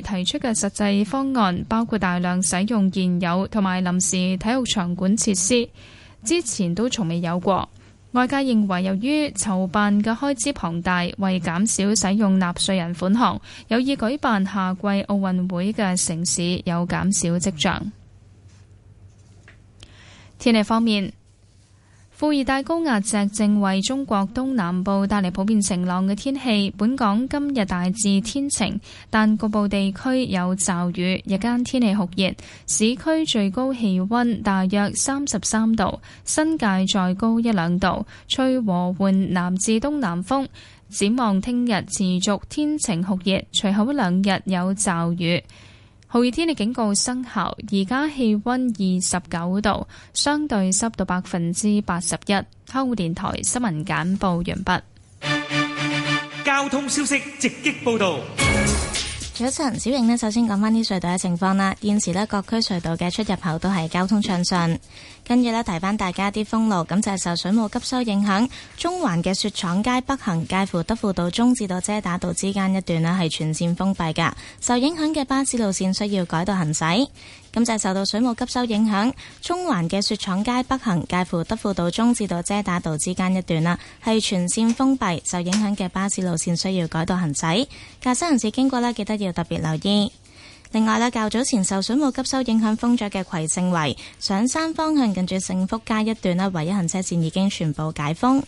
提出嘅實際方案，包括大量使用現有同埋臨時體育場館設施，之前都從未有過。外界認為，由於籌辦嘅開支龐大，為減少使用納稅人款項，有意舉辦夏季奧運會嘅城市有減少跡象。天氣方面。副熱帶高壓脊正為中國東南部帶嚟普遍晴朗嘅天氣。本港今日大致天晴，但局部地區有驟雨。日間天氣酷熱，市區最高氣温大約三十三度，新界再高一兩度。吹和緩南至東南風。展望聽日持續天晴酷熱，隨後一兩日有驟雨。酷熱天氣警告生效，而家氣温二十九度，相對濕度百分之八十一。香港電台新聞簡報完畢。交通消息直擊報導。早晨，小瑩呢，首先講返啲隧道嘅情況啦。現時呢，各區隧道嘅出入口都係交通暢順。跟住呢，提翻大家啲封路，咁就係、是、受水務急收影響，中環嘅雪廠街北行介乎德輔道中至到遮打道之間一段呢，係全線封閉㗎。受影響嘅巴士路線需要改道行駛。咁就受到水務急修影響，中環嘅雪廠街北行介乎德輔道中至到遮打道之間一段啦，係全線封閉，受影響嘅巴士路線需要改道行駛。駕駛人士經過呢，記得要特別留意。另外咧，較早前受水務急修影響封咗嘅葵盛圍上山方向近住勝福街一段咧，唯一行車線已經全部解封。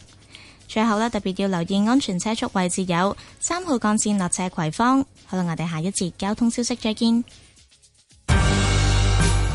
最後咧，特別要留意安全車速位置有三號幹線落斜葵芳。好啦，我哋下一節交通消息再見。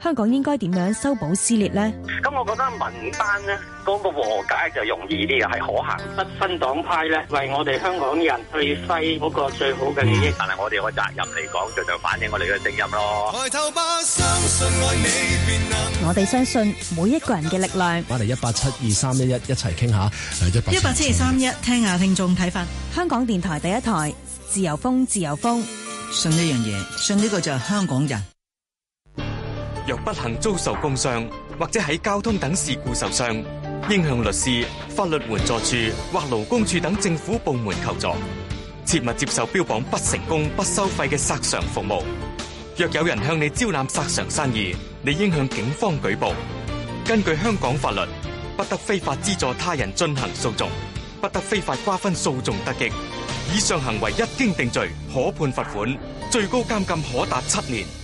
香港應該點樣修補撕裂咧？咁我覺得民間咧，嗰、那個和解就容易啲，係係可行。不分黨派咧，為我哋香港人去揮嗰個最好嘅利益，嗯、但係我哋嘅責任嚟講，就就反映我哋嘅聲音咯。抬頭吧，相信愛你，便能。我哋相信每一個人嘅力量。翻嚟一八七二三一一一齊傾下，一八七二三一，聽下聽眾睇法。香港電台第一台，自由風，自由風。信一樣嘢，信呢個就係香港人。若不幸遭受工傷，或者喺交通等事故受傷，應向律師、法律援助署或勞工處等政府部門求助。切勿接受標榜不成功不收費嘅索償服務。若有人向你招攬索償生意，你應向警方舉報。根據香港法律，不得非法資助他人進行訴訟，不得非法瓜分訴訟得益。以上行為一經定罪，可判罰款，最高監禁可達七年。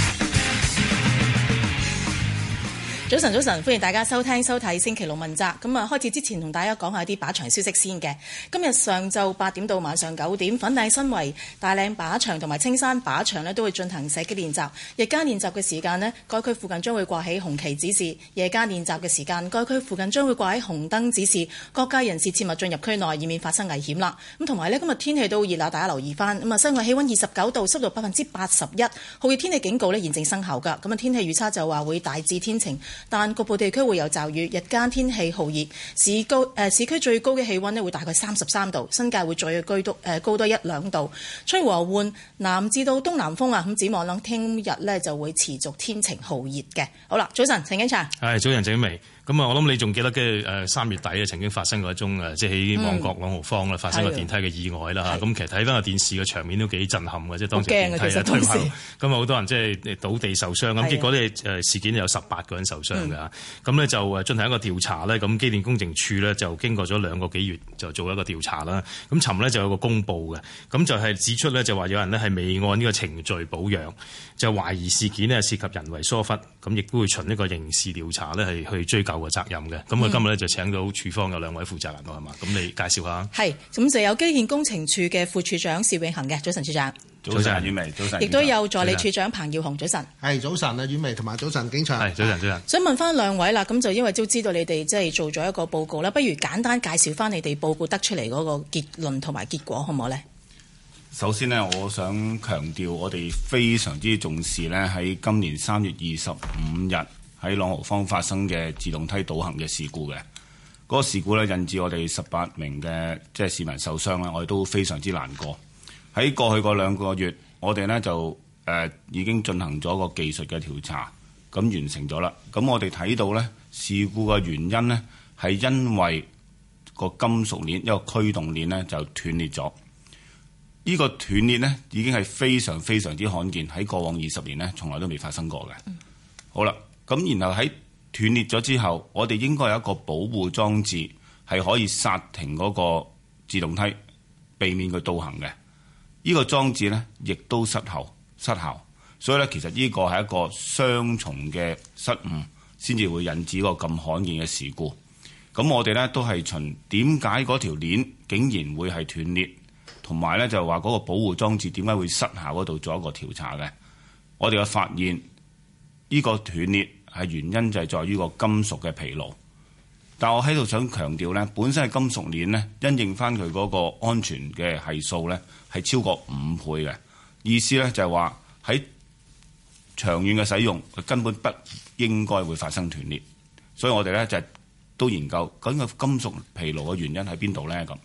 早晨，早晨，歡迎大家收聽收睇星期六問責。咁啊，開始之前同大家講下啲靶場消息先嘅。今日上晝八點到晚上九點，粉嶺新圍大嶺靶，靶場同埋青山靶場呢都會進行射擊練習。日間練習嘅時間呢，該區附近將會掛起紅旗指示；夜間練習嘅時間，該區附近將會掛起紅燈指示。各界人士切勿進入區內，以免發生危險啦。咁同埋呢，今日天，天氣都熱啦，大家留意翻咁啊。室外氣溫二十九度，濕度百分之八十一，酷熱天氣警告呢，現正生效㗎。咁啊，天氣預測就話會大致天晴。但局部地區會有驟雨，日間天氣酷熱，市高誒、呃、市區最高嘅氣溫咧會大概三十三度，新界會再居多誒高多一兩度，吹和緩南至到東南風啊，咁展望諗聽日呢就會持續天晴酷熱嘅。好啦，早晨，陳景祥。係，早晨，婉薇。咁啊，我諗你仲記得跟住誒三月底咧，曾經發生過一宗誒，即係喺旺角朗豪坊啦，發生個電梯嘅意外啦嚇。咁、嗯、其實睇翻個電視嘅場面都幾震撼嘅，即係當時電梯啊，推翻，咁啊好多人即係倒地受傷，咁結果咧誒事件有十八個人受傷㗎。咁咧就誒進行一個調查咧。咁機電工程署咧就經過咗兩個幾月就做一個調查啦。咁尋日咧就有個公布嘅，咁就係指出咧就話有人咧係未按呢個程序保養，就懷疑事件咧涉及人為疏忽。咁亦都會循呢個刑事調查咧係去追究。有個責任嘅，咁我今日咧就請到署方有兩位負責人喎，係、嗯、嘛？咁你介紹下。係，咁就有機電工程署嘅副署長薛永恒嘅，早晨，署長。早晨，婉薇，早晨。亦都有助理署長彭耀雄，早晨。係，早晨啊，婉薇同埋早晨景祥。係，早晨，早晨。想問翻兩位啦，咁就因為都知道你哋即係做咗一個報告啦，不如簡單介紹翻你哋報告得出嚟嗰個結論同埋結果，好唔好咧？首先呢，我想強調，我哋非常之重視呢，喺今年三月二十五日，喺朗豪坊發生嘅自動梯倒行嘅事故嘅，嗰、那個事故咧，引致我哋十八名嘅即係市民受傷咧，我哋都非常之難過。喺過去嗰兩個月，我哋呢就誒、呃、已經進行咗個技術嘅調查，咁完成咗啦。咁我哋睇到呢事故嘅原因呢，係因為個金屬鏈一個驅動鏈呢就斷裂咗。呢、嗰個斷裂呢已經係非常非常之罕見，喺過往二十年呢，從來都未發生過嘅。好啦。咁然後喺斷裂咗之後，我哋應該有一個保護裝置係可以剎停嗰個自動梯，避免佢倒行嘅。呢、這個裝置呢，亦都失效，失效。所以呢，其實呢個係一個雙重嘅失誤，先至會引致一個咁罕見嘅事故。咁我哋呢，都係循點解嗰條鏈竟然會係斷裂，同埋呢就話、是、嗰個保護裝置點解會失效嗰度做一個調查嘅。我哋嘅發現，呢、這個斷裂，係原因就係在於個金屬嘅疲勞，但我喺度想強調呢，本身係金屬鏈呢，因應翻佢嗰個安全嘅係數呢，係超過五倍嘅意思呢，就係話喺長遠嘅使用，佢根本不應該會發生斷裂，所以我哋呢，就都研究緊個金屬疲勞嘅原因喺邊度呢。咁。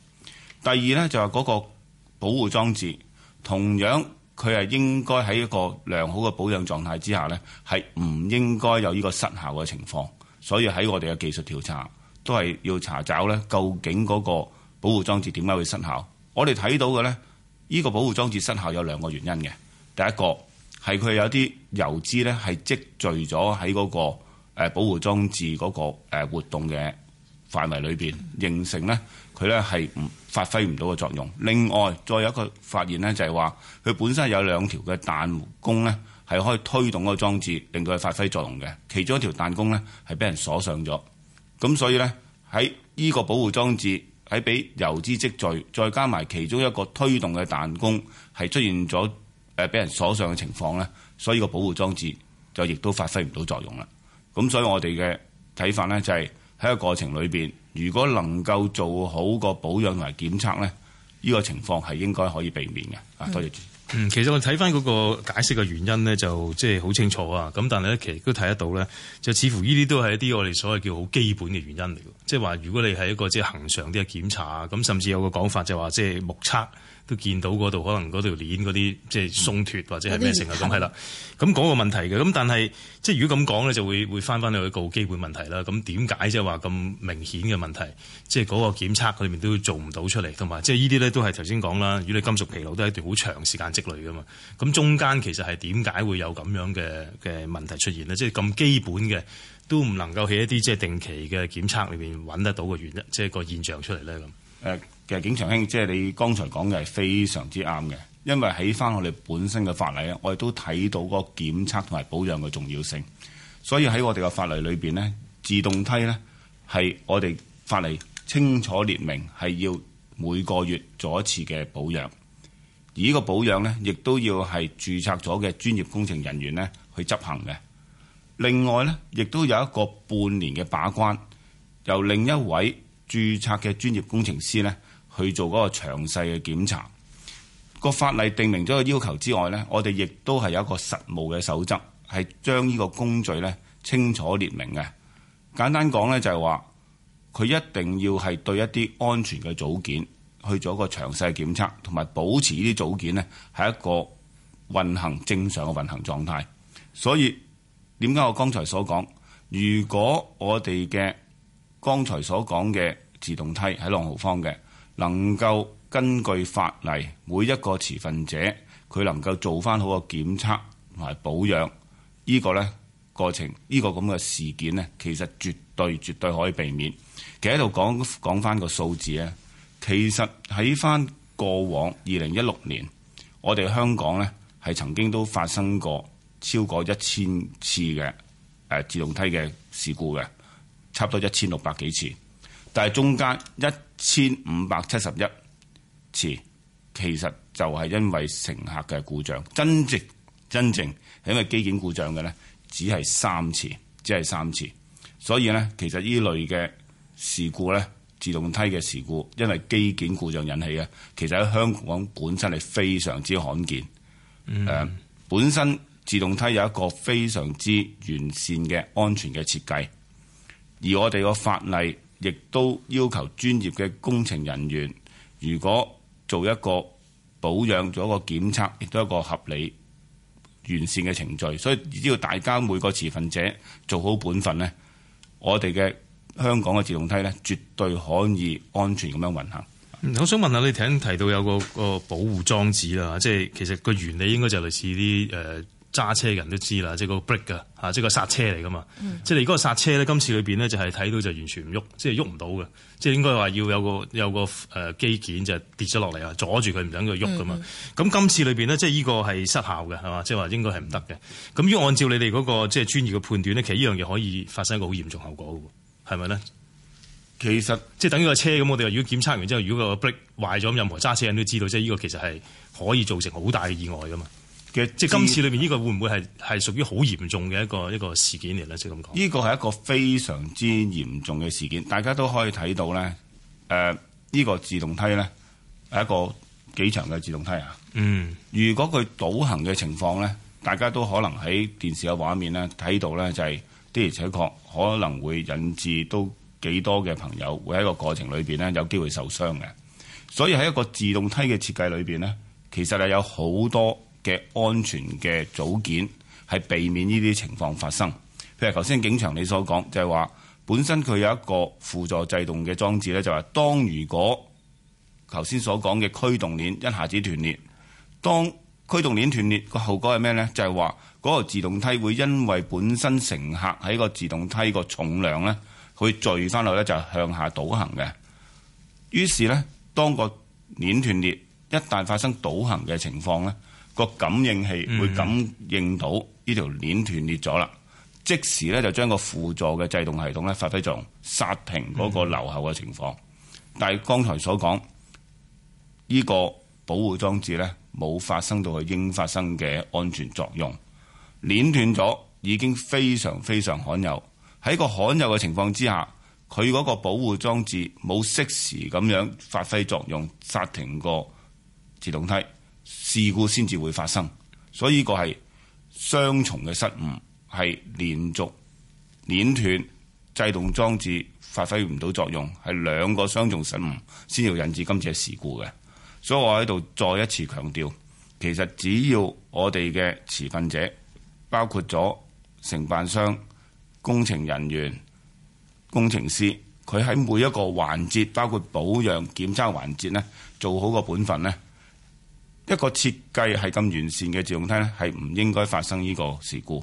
第二呢，就係嗰個保護裝置同樣。佢係應該喺一個良好嘅保養狀態之下，呢係唔應該有呢個失效嘅情況。所以喺我哋嘅技術調查都係要查找呢，究竟嗰個保護裝置點解會失效？我哋睇到嘅呢，呢、呢個保護裝置失效有兩個原因嘅。第一個係佢有啲油脂呢係積聚咗喺嗰個誒保護裝置嗰個誒活動嘅範圍裏邊，形成呢。佢呢係唔發揮唔到個作用。另外，再有一個發現呢，就係話佢本身有兩條嘅彈弓呢，係可以推動個裝置，令到佢發揮作用嘅。其中一條彈弓呢，係俾人鎖上咗。咁所以呢，喺呢個保護裝置喺俾油脂積聚，再加埋其中一個推動嘅彈弓係出現咗誒俾人鎖上嘅情況呢。所以個保護裝置就亦都發揮唔到作用啦。咁所以我哋嘅睇法呢，就係喺個過程裏邊。如果能夠做好個保養同埋檢測咧，呢、這個情況係應該可以避免嘅。啊，多謝主席。嗯，其實我睇翻嗰個解釋嘅原因咧，就即係好清楚啊。咁但係咧，其實都睇得到咧，就似乎呢啲都係一啲我哋所謂叫好基本嘅原因嚟嘅。即係話，如果你係一個即係恒常啲嘅檢查啊，咁甚至有個講法就話即係目測。都見到嗰度可能嗰條鏈嗰啲即係鬆脱，或者係咩成啦咁係啦，咁嗰個問題嘅咁，但係即係如果咁講咧，就會返翻翻去一個基本問題啦，咁點解即係話咁明顯嘅問題，即係嗰個檢測裏面都做唔到出嚟，同埋即係呢啲咧都係頭先講啦。如果你金屬疲勞都係一段好長時間積累噶嘛，咁中間其實係點解會有咁樣嘅嘅問題出現呢？即係咁基本嘅都唔能夠喺一啲即係定期嘅檢測裏面揾得到嘅原因，即係個現象出嚟咧咁。誒。其實景祥兄，即係你剛才講嘅係非常之啱嘅，因為喺翻我哋本身嘅法例咧，我哋都睇到嗰個檢測同埋保養嘅重要性。所以喺我哋嘅法例裏邊咧，自動梯呢係我哋法例清楚列明係要每個月做一次嘅保養，而呢個保養呢，亦都要係註冊咗嘅專業工程人員咧去執行嘅。另外呢，亦都有一個半年嘅把關，由另一位註冊嘅專業工程師咧，去做嗰個詳細嘅檢查。個法例定明咗個要求之外呢，我哋亦都係有一個實務嘅守則，係將呢個工序呢清楚列明嘅。簡單講呢，就係話佢一定要係對一啲安全嘅組件去做一個詳細嘅檢測，同埋、就是、保持呢啲組件呢係一個運行正常嘅運行狀態。所以點解我剛才所講，如果我哋嘅剛才所講嘅自動梯喺朗豪坊嘅，能夠根據法例，每一個持份者佢能夠做翻好個檢測同埋保養，呢個咧過程，呢個咁嘅事件呢，其實絕對絕對可以避免。其實喺度講講翻個數字啊，其實喺翻過往二零一六年，我哋香港呢，係曾經都發生過超過一千次嘅誒自動梯嘅事故嘅，差唔多一千六百幾次。但係，中間一千五百七十一次，其實就係因為乘客嘅故障，真正真正係因為機件故障嘅呢，只係三次，只係三次。所以呢，其實呢類嘅事故呢，自動梯嘅事故，因為機件故障引起嘅，其實喺香港本身係非常之罕見。誒、嗯，本身自動梯有一個非常之完善嘅安全嘅設計，而我哋個法例，亦都要求專業嘅工程人員，如果做一個保養，做一個檢測，亦都一個合理完善嘅程序。所以只要大家每個持份者做好本份呢，我哋嘅香港嘅自動梯呢，絕對可以安全咁樣運行。我想問下，你頭先提到有個保護裝置啦，即係其實個原理應該就類似啲誒。揸車人都知啦，即係個 brake 噶嚇，即係、嗯、個煞車嚟噶嘛。即係你嗰個煞車咧，今次裏邊咧就係睇到就完全唔喐、就是，即係喐唔到嘅。即係應該話要有個有個誒機件就跌咗落嚟啊，阻住佢唔等佢喐噶嘛。咁、嗯、今次裏邊呢，即係呢個係失效嘅，係嘛？即係話應該係唔得嘅。咁依個按照你哋嗰個即係專業嘅判斷咧，其實依樣嘢可以發生一個好嚴重的後果嘅喎，係咪咧？其實即係等於個車咁，我哋話如果檢測完之後，如果個 brake 壞咗，任何揸車人都知道，即係呢個其實係可以造成好大嘅意外噶嘛。嘅即係今次裏面呢、呢個會唔會係係屬於好嚴重嘅一個一個事件嚟咧？即係咁講，呢個係一個非常之嚴重嘅事件，大家都可以睇到咧。誒、呃，呢、呢個自動梯咧係一個幾長嘅自動梯啊。嗯，如果佢倒行嘅情況咧，大家都可能喺電視嘅畫面咧睇到咧、就係，就係的而且確可能會引致都幾多嘅朋友會喺個過程裏邊咧有機會受傷嘅。所以喺一個自動梯嘅設計裏邊咧，其實係有好多嘅安全嘅組件係避免呢啲情況發生。譬如頭先警長你所講，就係話本身佢有一個輔助制動嘅裝置咧，就係當如果頭先所講嘅驅動鏈一下子斷裂，當驅動鏈斷裂個後果係咩咧？就係話嗰個自動梯會因為本身乘客喺個自動梯個重量咧，佢墜翻落咧就向下倒行嘅。於是咧，當個鏈斷裂，一旦發生倒行嘅情況咧。個感應器會感應到呢條鏈斷裂咗啦，即時咧就將個輔助嘅制動系統咧發揮作用，刹停嗰個流後嘅情況。但係剛才所講，呢個保護裝置咧冇發生到佢應發生嘅安全作用，鏈斷咗，已經非常非常罕有。喺個罕有嘅情況之下，佢嗰個保護裝置冇適時咁樣發揮作用，剎停個自動梯。事故先至會發生，所以呢個係雙重嘅失誤，係連續連斷制動裝置，發揮唔到作用，係兩個雙重失誤先要引致今次嘅事故嘅。所以我喺度再一次強調，其實只要我哋嘅持份者，包括咗承辦商、工程人員、工程師，佢喺每一個環節，包括保養、檢測環節呢，做好個本分呢。一個設計係咁完善嘅自動梯呢，係唔應該發生呢個事故。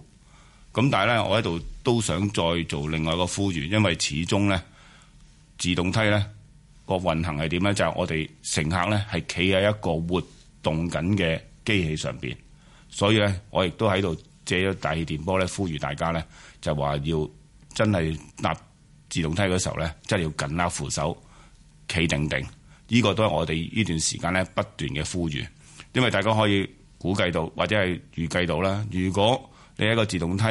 咁但係呢，我喺度都想再做另外一個呼籲，因為始終呢自動梯呢個運行係點呢？就係、是、我哋乘客呢係企喺一個活動緊嘅機器上面，所以呢，我亦都喺度借咗大氣電波呢，呼籲大家呢就話要真係搭自動梯嘅時候呢，真係要緊握扶手，企定定。呢、這個都係我哋呢段時間呢不斷嘅呼籲。因為大家可以估計到或者係預計到啦。如果你係一個自動梯，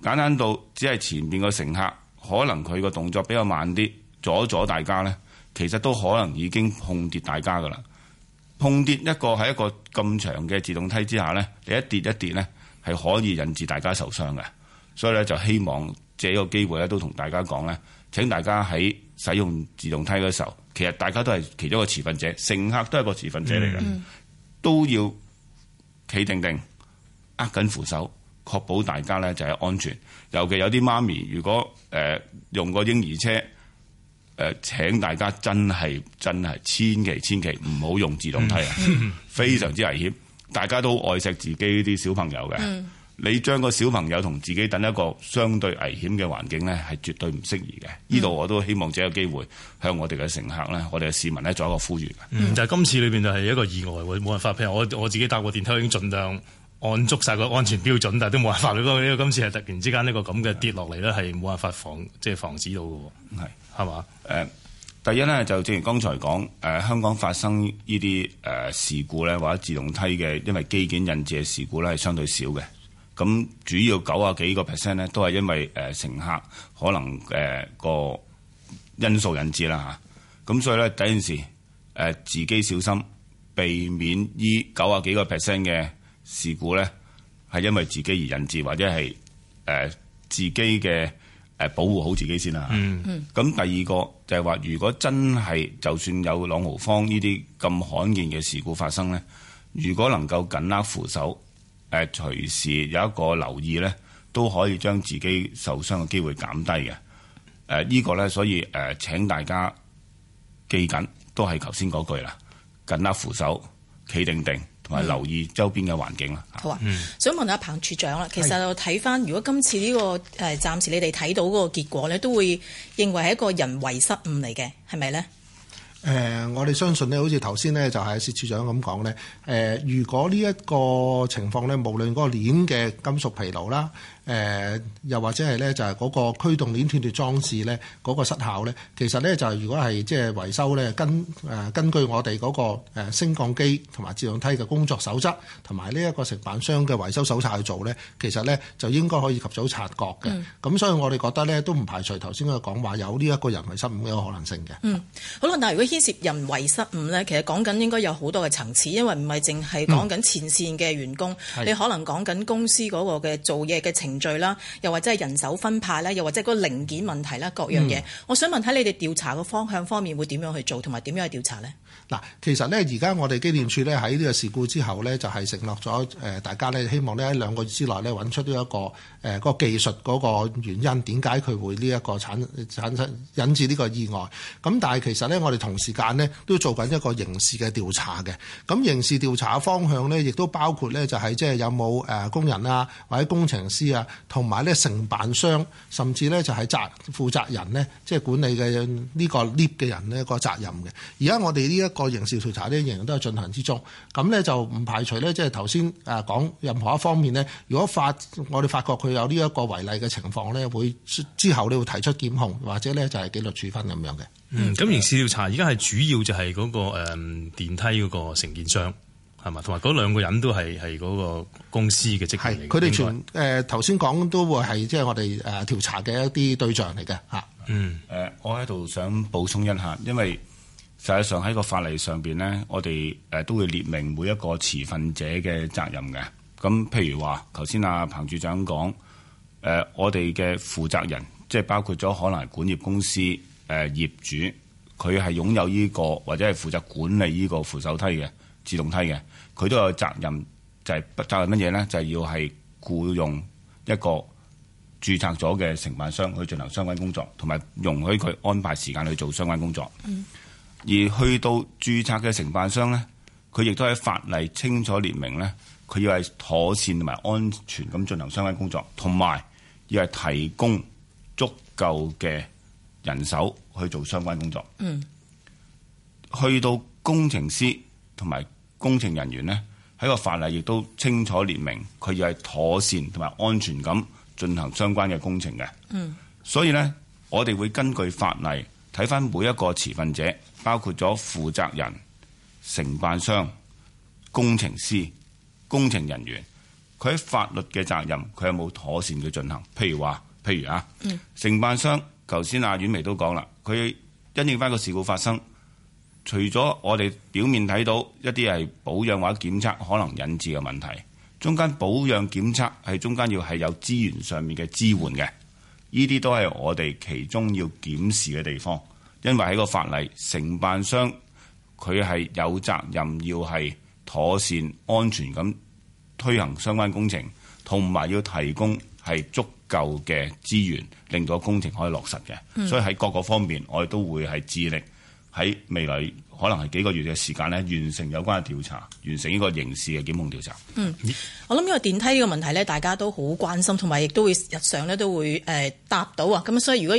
簡單到只係前面個乘客可能佢個動作比較慢啲，阻一阻大家呢，其實都可能已經碰跌大家噶啦。碰跌一個喺一個咁長嘅自動梯之下呢，你一跌一跌呢，係可以引致大家受傷嘅。所以咧就希望借個機會咧都同大家講呢：請大家喺使用自動梯嘅時候，其實大家都係其中一個持份者，乘客都係個持份者嚟嘅。嗯嗯都要企定定，握緊扶手，確保大家咧就係安全。尤其有啲媽咪，如果誒、呃、用個嬰兒車誒、呃、請大家真係真係千祈千祈唔好用自動梯啊， 非常之危險，大家都愛惜自己啲小朋友嘅。 你將個小朋友同自己等一個相對危險嘅環境咧，係絕對唔適宜嘅。呢、嗯、度我都希望，只有機會向我哋嘅乘客咧，我哋嘅市民咧，作一個呼籲。嗯嗯、就係、是、今次裏邊就係一個意外喎，冇辦法。譬如我我自己搭過電梯，已經盡量按足晒個安全標準，嗯、但係都冇辦法。你覺得呢個今次係突然之間呢個咁嘅跌落嚟咧，係冇辦法防即係、就是、防止到嘅。係係嘛？誒、呃，第一咧就正如剛才講，誒、呃、香港發生呢啲誒事故咧，或者自動梯嘅因為機件引致嘅事故咧，係相對少嘅。咁主要九啊幾個 percent 咧，都係因為誒乘客可能誒個因素引致啦嚇。咁所以咧，第一件事誒自己小心，避免依九啊幾個 percent 嘅事故咧係因為自己而引致，或者係誒自己嘅誒保護好自己先啦嚇。咁、嗯、第二個就係、是、話，如果真係就算有朗豪坊呢啲咁罕見嘅事故發生咧，如果能夠緊握扶手。誒隨時有一個留意咧，都可以將自己受傷嘅機會減低嘅。誒、呃、呢、呢個咧，所以誒、呃、請大家記緊，都係頭先嗰句啦，緊握扶手，企定定，同埋留意周邊嘅環境啦、嗯嗯。好啊，想問下彭處長啦，其實我睇翻，如果今次呢、呢個誒，暫時你哋睇到嗰個結果咧，都會認為係一個人為失誤嚟嘅，係咪咧？誒、呃，我哋相信咧，好似頭先咧，就係薛署長咁講咧。誒，如果呢一個情況咧，無論嗰個鏈嘅金屬疲勞啦。誒、呃、又或者係呢，就係、是、嗰個驅動鏈斷脫裝置呢，嗰、那個失效呢，其實呢，就是、如果係即係維修呢，根誒、呃、根據我哋嗰個升降機同埋自動梯嘅工作守則同埋呢一個承辦商嘅維修手冊去做呢，其實呢，就應該可以及早察覺嘅。咁、嗯、所以我哋覺得呢，都唔排除頭先佢講話有呢一個人為失誤嘅可能性嘅。嗯，好啦，但如果牽涉人為失誤呢，其實講緊應該有好多嘅層次，因為唔係淨係講緊前線嘅員工、嗯，你可能講緊公司嗰個嘅做嘢嘅程罪啦，又或者係人手分派啦，又或者個零件問題啦，各樣嘢。嗯、我想問下你哋調查嘅方向方面會點樣去做，同埋點樣去調查咧？嗱，其實咧，而家我哋機電處咧喺呢個事故之後咧，就係承諾咗大家咧希望呢喺兩個月之內咧揾出呢一個誒個技術嗰個原因，點解佢會呢一個產產生引致呢個意外？咁但係其實咧，我哋同時間咧都做緊一個刑事嘅調查嘅。咁刑事調查方向咧，亦都包括咧就係即係有冇工人啊，或者工程師啊，同埋咧承辦商，甚至咧就係責負責人咧，即係管理嘅呢個 lift 嘅人咧個責任嘅。而家我哋呢一個刑事調查呢，仍然都係進行之中。咁呢，就唔排除呢，即係頭先誒講任何一方面呢。如果發我哋發覺佢有呢一個違例嘅情況呢，會之後你會提出檢控，或者呢就係紀律處分咁樣嘅。嗯，咁刑事調查而家係主要就係嗰、嗰個誒、嗯、電梯嗰個承建商係嘛，同埋嗰兩個人都係係嗰個公司嘅職員嚟。係佢哋全誒頭先講都會係即係我哋誒調查嘅一啲對象嚟嘅嚇。嗯、呃，誒我喺度想補充一下，因為。實際上喺個法例上邊呢，我哋誒都會列明每一個持份者嘅責任嘅。咁譬如話，頭先阿彭署長講，誒我哋嘅負責人，即係包括咗可能管業公司、誒業主，佢係擁有呢個或者係負責管理呢個扶手梯嘅自動梯嘅，佢都有責任就係不就係乜嘢呢？就係要係僱用一個註冊咗嘅承辦商去進行相關工作，同埋容許佢安排時間去做相關工作。嗯而去到註冊嘅承辦商呢，佢亦都喺法例清楚列明呢，佢要係妥善同埋安全咁進行相關工作，同埋要係提供足夠嘅人手去做相關工作。嗯，去到工程師同埋工程人員呢，喺個法例亦都清楚列明，佢要係妥善同埋安全咁進行相關嘅工程嘅。嗯，所以呢，我哋會根據法例睇返每一個持份者。包括咗負責人、承辦商、工程師、工程人員，佢喺法律嘅責任佢有冇妥善嘅進行？譬如話，譬如啊，嗯、承辦商，頭先阿婉薇都講啦，佢因應翻個事故發生，除咗我哋表面睇到一啲係保養或者檢測可能引致嘅問題，中間保養檢測係中間要係有資源上面嘅支援嘅，呢啲都係我哋其中要檢視嘅地方。因為喺個法例，承辦商佢係有責任要係妥善安全咁推行相關工程，同埋要提供係足夠嘅資源，令到工程可以落實嘅。所以喺各個方面，我哋都會係致力喺未來。可能係幾個月嘅時間咧，完成有關嘅調查，完成呢個刑事嘅檢控調查。嗯，我諗呢個電梯呢個問題呢，大家都好關心，同埋亦都會日常咧都會誒搭到啊。咁所以如果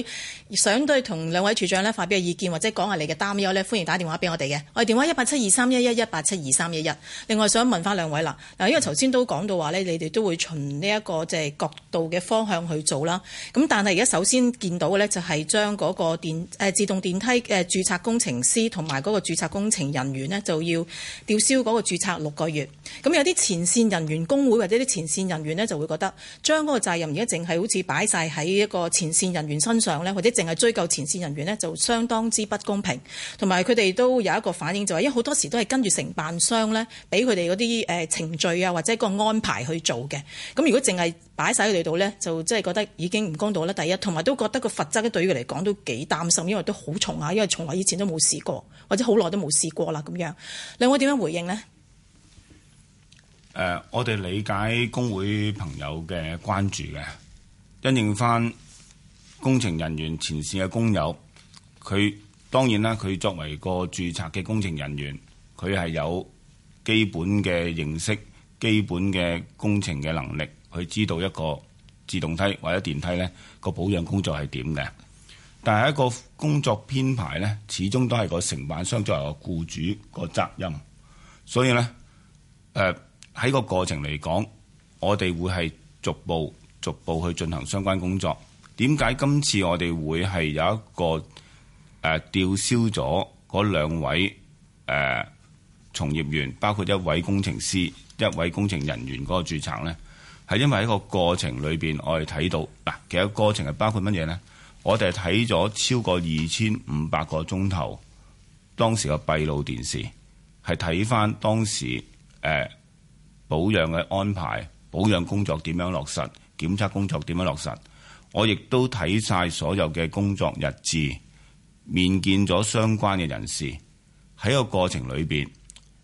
想對同兩位處長呢發表嘅意見，或者講下你嘅擔憂呢，歡迎打電話俾我哋嘅。我哋電話一八七二三一一一八七二三一一。另外想問翻兩位啦，嗱，因為頭先都講到話呢，你哋都會從呢一個即係角度嘅方向去做啦。咁但係而家首先見到嘅呢，就係將嗰個電自動電梯嘅註冊工程師同埋嗰個。註冊工程人員呢，就要吊銷嗰個註冊六個月，咁有啲前線人員工會或者啲前線人員呢，就會覺得將嗰個責任而家淨係好似擺晒喺一個前線人員身上咧，或者淨係追究前線人員咧就相當之不公平，同埋佢哋都有一個反應就係，因為好多時都係跟住承辦商咧俾佢哋嗰啲誒程序啊或者嗰個安排去做嘅，咁如果淨係，擺晒佢哋度呢，就即係覺得已經唔公道啦。第一，同埋都覺得個罰則咧，對於佢嚟講都幾擔心，因為都好重啊。因為從來以前都冇試過，或者好耐都冇試過啦。咁樣，兩位點樣回應呢？呃，我哋理解工會朋友嘅關注嘅，因應返工程人員前線嘅工友，佢當然啦。佢作為個註冊嘅工程人員，佢係有基本嘅認識，基本嘅工程嘅能力。佢知道一個自動梯或者電梯呢個保養工作係點嘅，但係一個工作編排呢，始終都係個承辦商作為個僱主個責任，所以呢，誒、呃、喺個過程嚟講，我哋會係逐步逐步去進行相關工作。點解今次我哋會係有一個誒、呃、吊銷咗嗰兩位誒從、呃、業員，包括一位工程師，一位工程人員嗰個註冊呢？係因為喺個過程裏邊，我哋睇到嗱，其實過程係包括乜嘢呢？我哋睇咗超過二千五百個鐘頭當時嘅閉路電視，係睇翻當時誒、呃、保養嘅安排、保養工作點樣落實、檢測工作點樣落實。我亦都睇晒所有嘅工作日誌，面見咗相關嘅人士。喺個過程裏邊，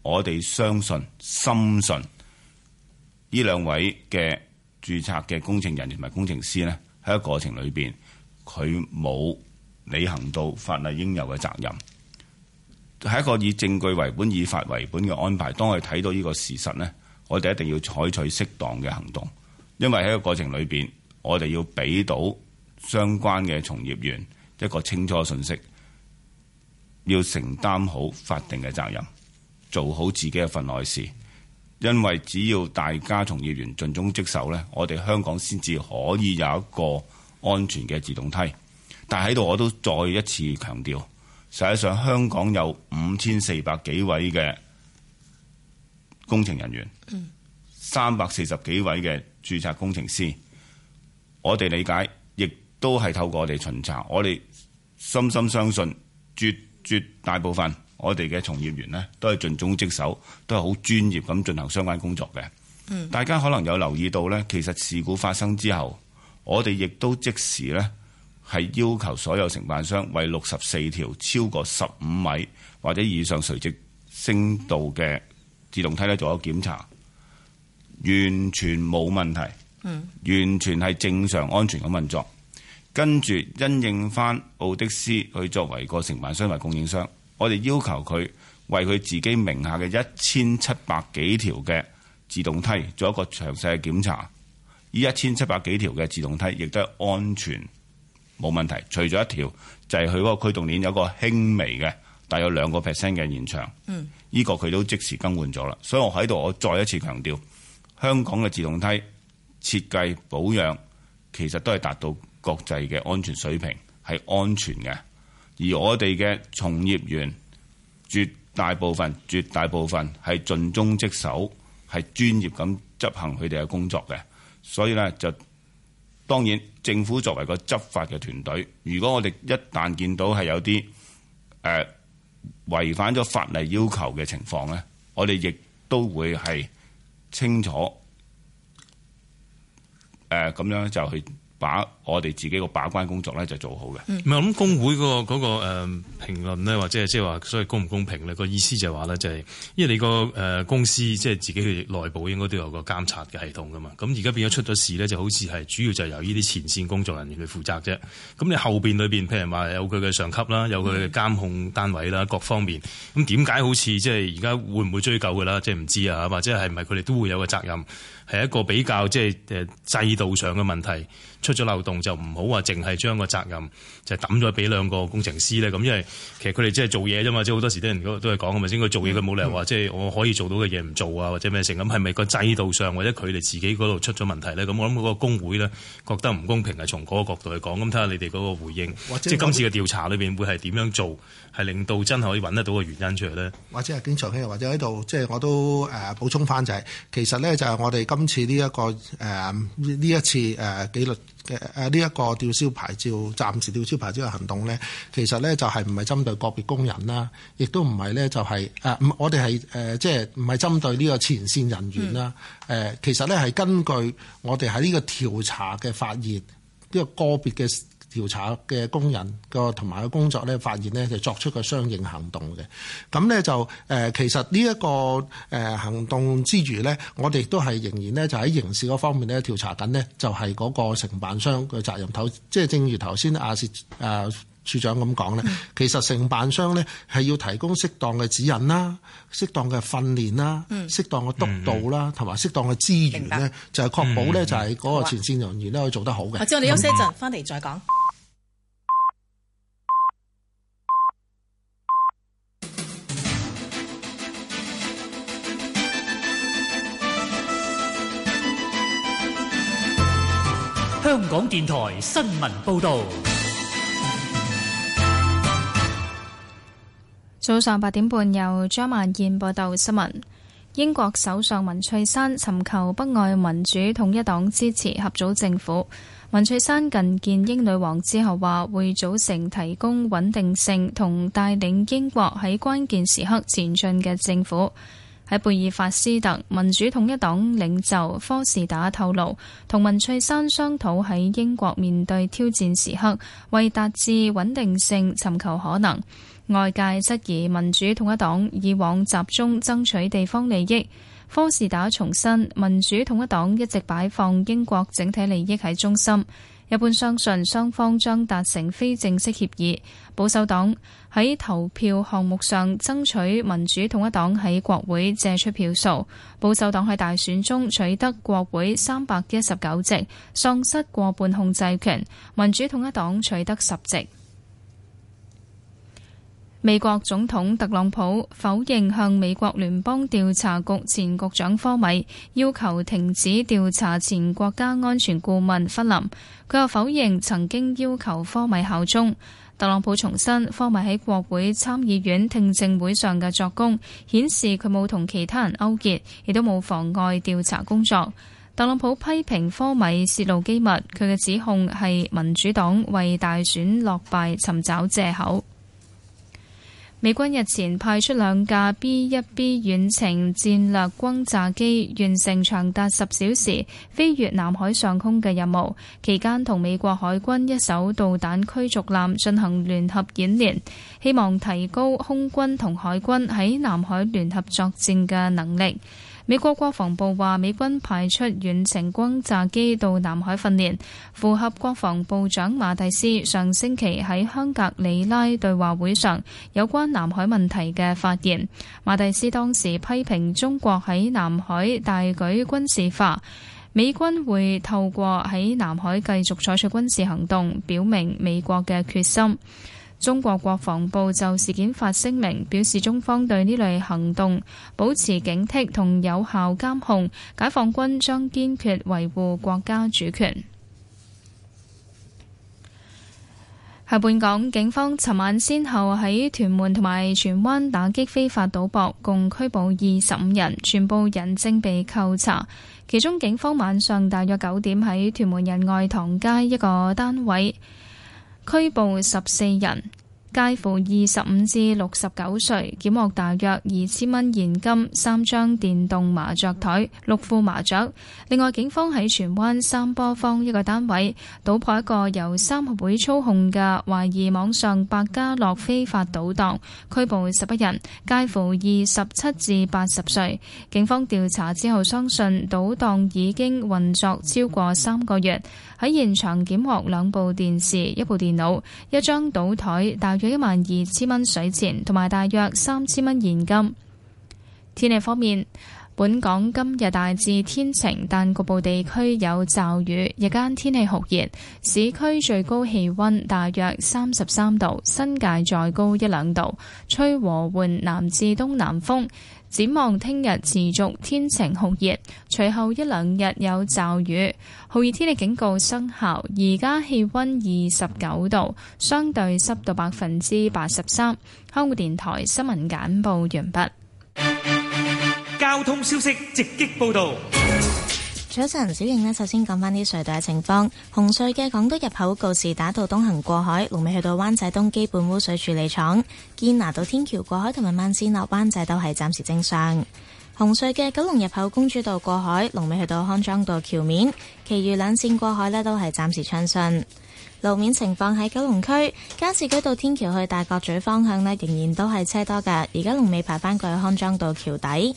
我哋相信、深信，呢兩位嘅註冊嘅工程人員同埋工程師呢，喺個過程裏邊，佢冇履行到法律應有嘅責任，係一個以證據為本、以法為本嘅安排。當我睇到呢個事實呢，我哋一定要採取適當嘅行動，因為喺個過程裏邊，我哋要俾到相關嘅從業員一個清楚信息，要承擔好法定嘅責任，做好自己嘅份內事。因為只要大家從業員盡忠職守咧，我哋香港先至可以有一個安全嘅自動梯。但喺度我都再一次強調，實際上香港有五千四百幾位嘅工程人員，三百四十幾位嘅註冊工程師，我哋理解，亦都係透過我哋巡查，我哋深深相信絕絕大部分。我哋嘅從業員呢，都係盡忠職守，都係好專業咁進行相關工作嘅，嗯。大家可能有留意到呢，其實事故發生之後，我哋亦都即時呢，係要求所有承辦商為六十四條超過十五米或者以上垂直升度嘅自動梯咧做咗檢查，完全冇問題，完全係正常安全咁運作。跟住因應翻奧的斯去作為個承辦商或供應商。嗯我哋要求佢為佢自己名下嘅一千七百幾條嘅自動梯做一個詳細嘅檢查。呢一千七百幾條嘅自動梯亦都係安全冇問題，除咗一條就係佢嗰個驅動鏈有個輕微嘅，大約兩個 percent 嘅延長，嗯，依、呢個佢都即時更換咗啦。所以我喺度，我再一次強調，香港嘅自動梯設計保養其實都係達到國際嘅安全水平，係安全嘅。而我哋嘅從業員絕大部分、絕大部分係盡忠職守，係專業咁執行佢哋嘅工作嘅，所以呢，就當然政府作為個執法嘅團隊，如果我哋一旦見到係有啲誒、呃、違反咗法例要求嘅情況呢，我哋亦都會係清楚誒咁、呃、樣就去把。我哋自己個把關工作咧就做好嘅。唔、嗯、係我諗工會、那個嗰、那個誒、呃、評論呢，或者即係話，所謂公唔公平呢，那個意思就係話咧，就係、是、因為你個誒、呃、公司即係、就是、自己嘅內部應該都有個監察嘅系統噶嘛。咁而家變咗出咗事咧，就好似係主要就係由呢啲前線工作人員去負責啫。咁你後面裏面，譬如話有佢嘅上級啦，有佢嘅監控單位啦，各方面。咁點解好似即係而家會唔會追究噶啦？即係唔知啊，或者係唔係佢哋都會有個責任？係一個比較即係、就是、制度上嘅問題出咗漏洞。就唔好話淨係將個責任就抌咗俾兩個工程師咧。咁因為其實佢哋即係做嘢啫嘛，即係好多時啲人都係講啊嘛先佢做嘢，佢冇理由話即係我可以做到嘅嘢唔做啊，或者咩成咁？係咪個制度上或者佢哋自己嗰度出咗問題咧？咁我諗嗰個工會咧覺得唔公平啊。從嗰個角度去講，咁睇下你哋嗰個回應，或者是即係今次嘅調查裏邊會係點樣做，係令到真係可以揾得到個原因出嚟咧？或者係景祥兄，或者喺度，即係我都誒補充翻就係，其實咧就係我哋今次呢一個誒呢一次誒紀律。嘅誒呢一個吊銷牌照，暫時吊銷牌照嘅行動咧，其實咧就係唔係針對個別工人啦，亦都唔係咧就係、係、誒，唔，我哋係誒即係唔係針對呢個前線人員啦。誒、嗯，其實咧係根據我哋喺呢個調查嘅發現，呢、呢個個別嘅。調查嘅工人個同埋個工作咧，發現咧就作出個相應行動嘅。咁呢就誒，其實呢一個誒行動之餘呢，我哋都係仍然呢就喺刑事嗰方面咧調查緊呢就係嗰個承辦商嘅責任頭。即係正如頭先阿薛誒署長咁講呢，其實承辦商呢係要提供適當嘅指引啦、適當嘅訓練啦、適當嘅督導啦，同埋適當嘅資源呢、嗯嗯嗯，就係、是、確保呢就係嗰個前線人員都可以做得好嘅。我哋休息一陣，翻、嗯、嚟、嗯嗯嗯啊、再講。嗯嗯香港電台新聞報道，早上八點半由張曼燕報道新聞。英國首相文翠珊尋求北愛民主統一黨支持合組政府。文翠珊近見英女王之後話，會組成提供穩定性同帶領英國喺關鍵時刻前進嘅政府。喺貝爾法斯特，民主統一黨領袖科士打透露，同文翠山商討喺英國面對挑戰時刻，為達至穩定性尋求可能。外界質疑民主統一黨以往集中爭取地方利益，科士打重申民主統一黨一直擺放英國整體利益喺中心。一般相信，雙方將達成非正式協議，保守黨喺投票項目上爭取民主統一黨喺國會借出票數，保守黨喺大選中取得國會三百一十九席，喪失過半控制權，民主統一黨取得十席。美國總統特朗普否認向美國聯邦調查局前局長科米要求停止調查前國家安全顧問弗林。佢又否認曾經要求科米效忠。特朗普重申科米喺國會參議院聽證會上嘅作供，顯示佢冇同其他人勾結，亦都冇妨礙調查工作。特朗普批評科米泄露機密，佢嘅指控係民主黨為大選落敗尋找借口。美軍日前派出兩架 B-1B 遠程戰略轟炸機，完成長達十小時飛越南海上空嘅任務。期間同美國海軍一艘導彈驅逐艦進行聯合演練，希望提高空軍同海軍喺南海聯合作戰嘅能力。美國國防部話，美軍派出遠程轟炸機到南海訓練，符合國防部長馬蒂斯上星期喺香格里拉對話會上有關南海問題嘅發言。馬蒂斯當時批評中國喺南海大舉軍事化，美軍會透過喺南海繼續採取軍事行動，表明美國嘅決心。中國國防部就事件發聲明，表示中方對呢類行動保持警惕同有效監控，解放軍將堅決維護國家主權。喺本港，警方尋晚先後喺屯門同埋荃灣打擊非法賭博，共拘捕二十五人，全部引證被扣查。其中警方晚上大約九點喺屯門仁愛堂街一個單位。拘捕十四人。介乎二十五至六十九歲，檢獲大約二千蚊現金、三張電動麻雀台、六副麻雀。另外，警方喺荃灣三波坊一個單位搗破一個由三合會操控嘅懷疑網上百家樂非法賭檔，拘捕十一人，介乎二十七至八十歲。警方調查之後相信賭檔已經運作超過三個月。喺現場檢獲兩部電視、一部電腦、一張賭台，大約。一萬二千蚊水錢，同埋大約三千蚊現金。天氣方面。本港今日大致天晴，但局部地區有驟雨。日間天氣酷熱，市區最高氣溫大約三十三度，新界再高一兩度。吹和緩南至東南風，展望聽日持續天晴酷熱，隨後一兩日有驟雨。酷熱天氣警告生效。而家氣溫二十九度，相對濕度百分之八十三。香港電台新聞簡報完畢。交通消息直擊報道。早晨，小瑩呢，首先講返啲隧道嘅情況。紅隧嘅港島入口告士打道東行過海，龍尾去到灣仔東基本污水處理廠；堅拿道天橋過海同埋慢線落灣仔都係暫時正常。紅隧嘅九龍入口公主道過海，龍尾去到康莊道橋面，其餘兩線過海呢都係暫時暢順。路面情況喺九龍區，加士居道天橋去大角咀方向呢，仍然都係車多㗎。而家龍尾排返過去康莊道橋底。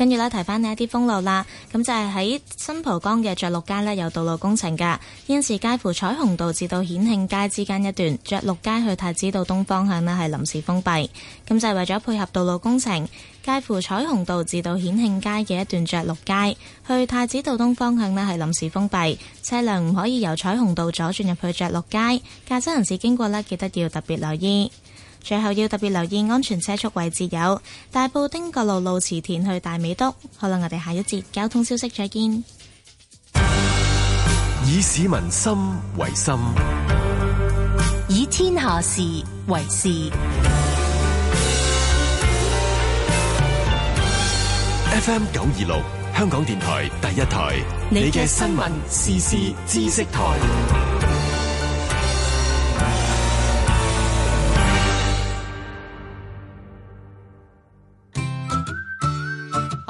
跟住咧，提翻呢一啲封路啦。咁就係、是、喺新蒲崗嘅爵祿街呢，有道路工程㗎。現時介乎彩虹道至到顯慶街之間一段爵祿街去太子道東方向呢係臨時封閉。咁就係、是、為咗配合道路工程，介乎彩虹道至到顯慶街嘅一段爵祿街去太子道東方向呢係臨時封閉，車輛唔可以由彩虹道左轉入去爵祿街。駕車人士經過呢，記得要特別留意。最後要特別留意安全車速位置有大埔汀角路路池田去大美督。好啦，我哋下一節交通消息再見。以市民心為心，以天下事為事。F. M. 九二六，香港電台第一台，你嘅新聞時事知識台。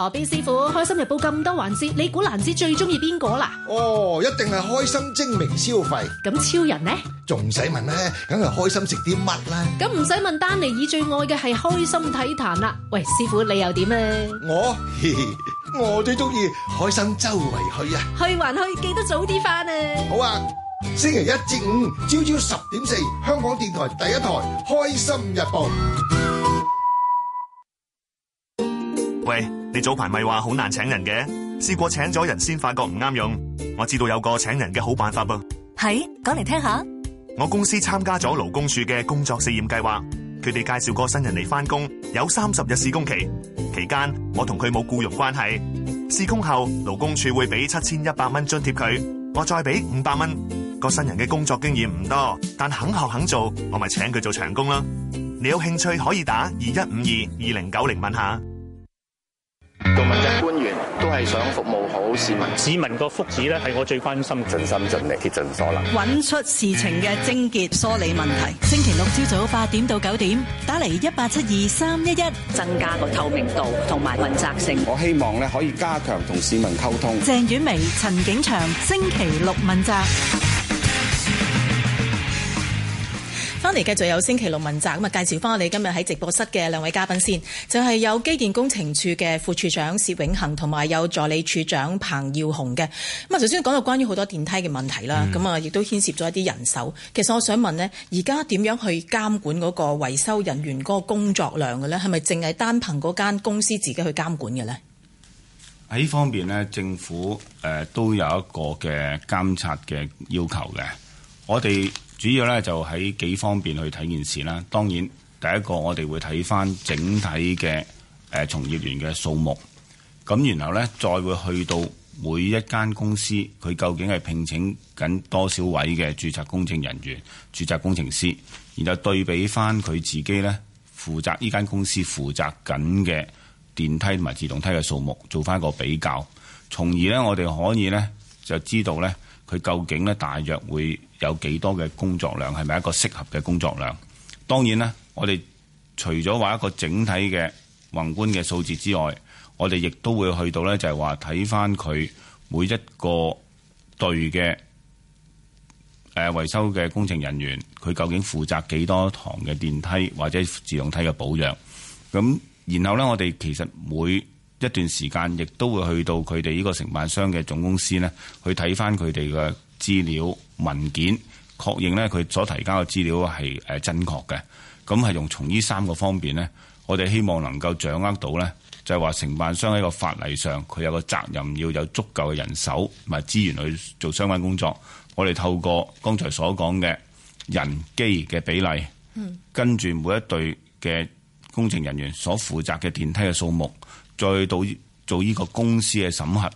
河邊師傅，開心日報咁多環節，你估蘭子最中意邊個啦？哦，一定係開心精明消費。咁超人呢？仲使問咩？梗係開心食啲乜啦？咁唔使問，丹尼爾最愛嘅係開心體壇啦。喂，師傅你又點啊？我，嘻嘻，我最中意開心周圍去啊！去還去，記得早啲返啊！好啊，星期一至五朝朝十點四，香港電台第一台開心日報。喂。你早排咪話好難請人嘅？試過請咗人先發覺唔啱用。我知道有個請人嘅好辦法噃，係講嚟聽下。我公司參加咗勞工處嘅工作試驗計劃，佢哋介紹個新人嚟返工，有三十日試工期，期間我同佢冇僱傭關係。試工後，勞工處會俾七千一百蚊津貼佢，我再俾五百蚊。個新人嘅工作經驗唔多，但肯學肯做，我咪請佢做長工啦。你有興趣可以打二一五二二零九零問下。做問責官員都係想服務好市民，市民個福祉咧係我最關心的，盡心盡力竭盡所能，揾出事情嘅症結，梳、嗯、理問題。星期六朝早八點到九點，打嚟一八七二三一一，增加個透明度同埋問責性。我希望咧可以加強同市民溝通。鄭婉薇、陳景祥，星期六問責。翻嚟繼續有星期六問責咁啊！介紹翻我哋今日喺直播室嘅兩位嘉賓先，就係、是、有機電工程處嘅副處長薛永恒，同埋有助理處長彭耀雄嘅。咁啊，頭先講到關於好多電梯嘅問題啦，咁啊，亦都牽涉咗一啲人手、嗯。其實我想問呢，而家點樣去監管嗰個維修人員嗰個工作量嘅呢？係咪淨係單憑嗰間公司自己去監管嘅呢？喺呢方面呢，政府誒都有一個嘅監察嘅要求嘅，我哋。主要咧就喺幾方面去睇件事啦。當然，第一個我哋會睇翻整體嘅誒、呃、從業員嘅數目，咁然後呢，再會去到每一間公司，佢究竟係聘請緊多少位嘅註冊工程人員、註冊工程師，然後對比翻佢自己呢負責呢間公司負責緊嘅電梯同埋自動梯嘅數目，做翻一個比較，從而呢，我哋可以呢就知道呢。佢究竟呢，大約會有幾多嘅工作量，係咪一個適合嘅工作量？當然啦，我哋除咗話一個整體嘅宏觀嘅數字之外，我哋亦都會去到呢，就係話睇返佢每一個隊嘅誒、呃、維修嘅工程人員，佢究竟負責幾多堂嘅電梯或者自動梯嘅保養。咁然後呢，我哋其實每一段時間，亦都會去到佢哋呢個承辦商嘅總公司呢，去睇返佢哋嘅資料文件，確認呢佢所提交嘅資料係真確嘅。咁係用從呢三個方面呢，我哋希望能夠掌握到呢，就係話承辦商喺個法例上佢有個責任要有足夠嘅人手同埋資源去做相關工作。我哋透過剛才所講嘅人機嘅比例，跟住每一隊嘅工程人員所負責嘅電梯嘅數目。再到做呢個公司嘅審核，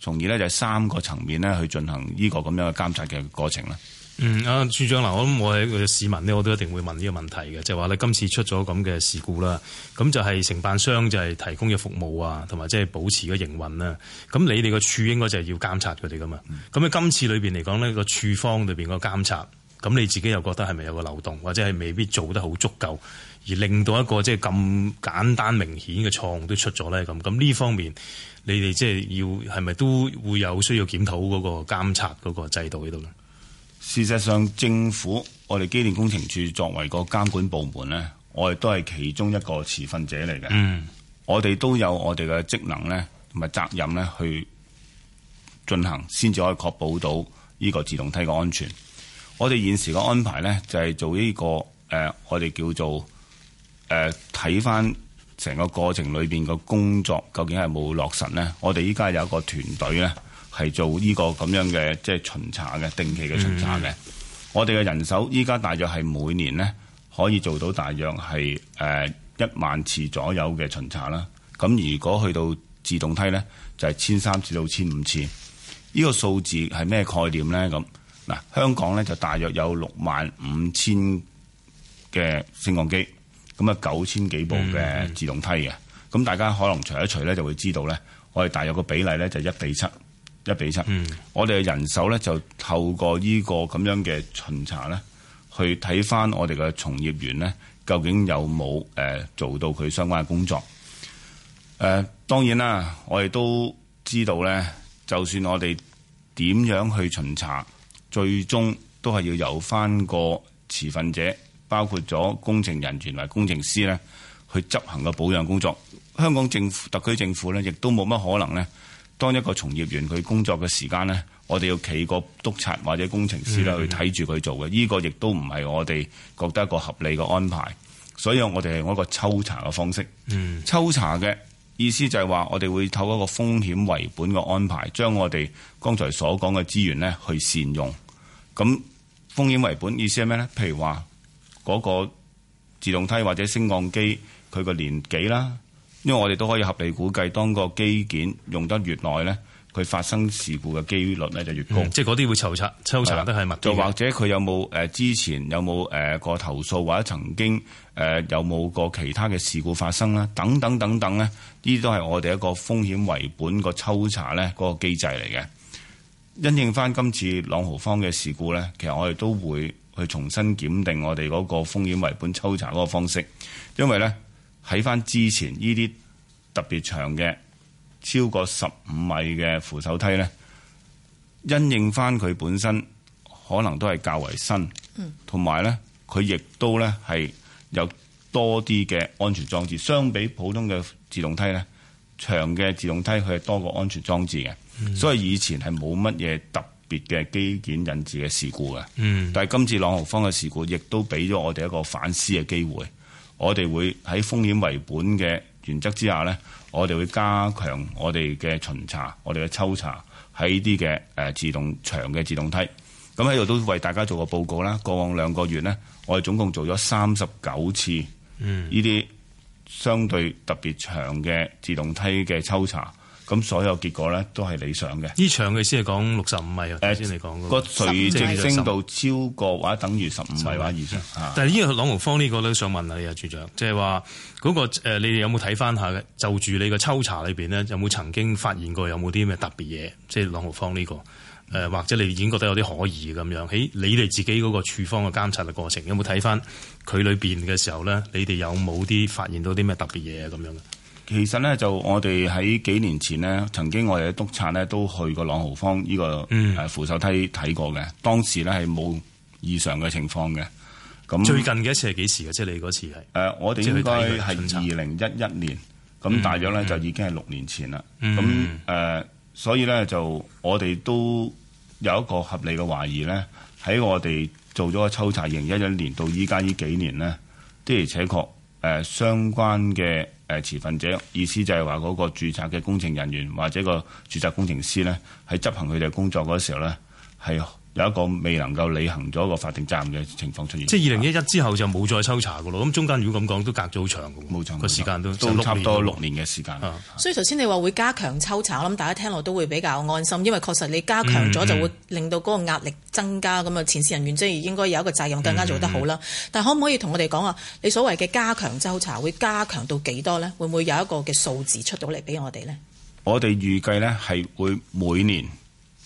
從而咧就係三個層面咧去進行呢個咁樣嘅監察嘅過程咧。嗯，啊處長嗱，我諗我喺個市民呢，我都一定會問呢個問題嘅，就係話你今次出咗咁嘅事故啦，咁就係承辦商就係提供嘅服務啊，同埋即係保持嘅營運啊，咁你哋個處應該就係要監察佢哋噶嘛？咁喺今次裏邊嚟講呢，個處方裏邊個監察，咁你自己又覺得係咪有個漏洞，或者係未必做得好足夠？而令到一個即係咁簡單明顯嘅錯誤都出咗咧，咁咁呢方面，你哋即係要係咪都會有需要檢討嗰個監察嗰個制度喺度咧？事實上，政府我哋機電工程署作為個監管部門咧，我哋都係其中一個持份者嚟嘅。嗯，我哋都有我哋嘅職能咧，同埋責任咧，去進行先至可以確保到呢個自動梯嘅安全。我哋現時嘅安排咧、這個，就係做呢個誒，我哋叫做。誒，睇翻成個過程裏邊個工作究竟係冇落實呢？我哋依家有一個團隊呢，係做呢個咁樣嘅即係巡查嘅，定期嘅巡查嘅。我哋嘅人手依家大約係每年呢，可以做到大約係誒一萬次左右嘅巡查啦。咁如果去到自動梯呢，就係千三至到千五次。呢個數字係咩概念呢？咁嗱，香港呢就大約有六萬五千嘅升降機，咁啊，九千幾部嘅自動梯嘅，咁、mm-hmm. 大家可能除一除咧，就會知道咧，我哋大約個比例咧就一比七，一比七，我哋嘅人手咧就透過呢個咁樣嘅巡查咧，去睇翻我哋嘅從業員咧，究竟有冇誒做到佢相關嘅工作？誒、呃，當然啦，我哋都知道咧，就算我哋點樣去巡查，最終都係要由翻個持份者。包括咗工程人員或工程師咧，去執行嘅保養工作。香港政府特區政府咧，亦都冇乜可能咧。當一個從業員佢工作嘅時間咧，我哋要企個督察或者工程師咧去睇住佢做嘅。呢個亦都唔係我哋覺得一個合理嘅安排，所以我哋用一個抽查嘅方式。嗯，抽查嘅意思就係話，我哋會透過一個風險為本嘅安排，將我哋剛才所講嘅資源咧去善用。咁風險為本意思係咩咧？譬如話。嗰、那個自動梯或者升降機，佢個年紀啦，因為我哋都可以合理估計，當個機件用得越耐咧，佢發生事故嘅機率咧就越高。嗯、即係嗰啲會抽查，抽查都係密。就或者佢有冇、呃、之前有冇誒個投訴，或者曾經、呃、有冇個其他嘅事故發生啦，等等等等咧，呢啲都係我哋一個風險為本個抽查咧個機制嚟嘅。因應翻今次朗豪坊嘅事故咧，其實我哋都會。去重新檢定我哋嗰個風險為本抽查嗰個方式，因為呢，喺翻之前呢啲特別長嘅超過十五米嘅扶手梯，呢因應翻佢本身可能都係較為新，同埋呢，佢亦都呢係有多啲嘅安全裝置，相比普通嘅自動梯，呢長嘅自動梯佢係多個安全裝置嘅，所以以前係冇乜嘢特別。特別嘅機件引致嘅事故嘅、嗯，但係今次朗豪坊嘅事故亦都俾咗我哋一個反思嘅機會。我哋會喺風險為本嘅原則之下呢，我哋會加強我哋嘅巡查，我哋嘅抽查喺呢啲嘅誒自動長嘅自動梯。咁喺度都為大家做個報告啦。過往兩個月呢，我哋總共做咗三十九次呢啲相對特別長嘅自動梯嘅抽查。咁所有結果咧都係理想嘅。呢場嘅先係講六十五米啊。誒先嚟講個水即升到超過、呃、或者等於十五米話以上，但係呢、這個朗豪坊呢、這個都、啊、想問下你啊，處長，即係話嗰個、呃、你哋有冇睇翻下嘅就住你個抽查裏面呢，有冇曾經發現過有冇啲咩特別嘢？即係朗豪坊呢、這個誒、呃，或者你已經覺得有啲可疑咁樣喺你哋自己嗰個處方嘅監察嘅過程，有冇睇翻佢裏面嘅時候咧？你哋有冇啲發現到啲咩特別嘢咁樣嘅？其實咧，就我哋喺幾年前呢，曾經我哋嘅督察呢都去過朗豪坊呢個誒扶手梯睇過嘅、嗯。當時咧係冇異常嘅情況嘅。咁、嗯、最近嘅一次係幾時嘅？即係你嗰次係我哋應該係二零一一年咁大約咧，就已經係六年前啦。咁、嗯、誒、嗯嗯呃，所以咧就我哋都有一個合理嘅懷疑咧，喺我哋做咗個抽查，二零一一年到依家呢幾年咧的而且確誒相關嘅。係持份者意思就係話，嗰個註冊嘅工程人員或者個註冊工程師咧，喺執行佢哋工作嗰時候咧，係。是有一個未能夠履行咗個法定責任嘅情況出現，即係二零一一之後就冇再抽查嘅咯。咁中間如果咁講，都隔咗好長嘅喎，個時間都都差唔多六年嘅時間。係啊，係啊，所以頭先你話會加強抽查，我諗大家聽落都會比較安心，因為確實你加強咗就會令到嗰個壓力增加，咁啊，前線人員即係應該有一個責任更加做得好啦。嗯，嗯，但係可唔可以同我哋講啊？你所謂嘅加強抽查會加強到幾多咧？會唔會有一個嘅數字出到嚟俾我哋咧？我哋預計咧係會每年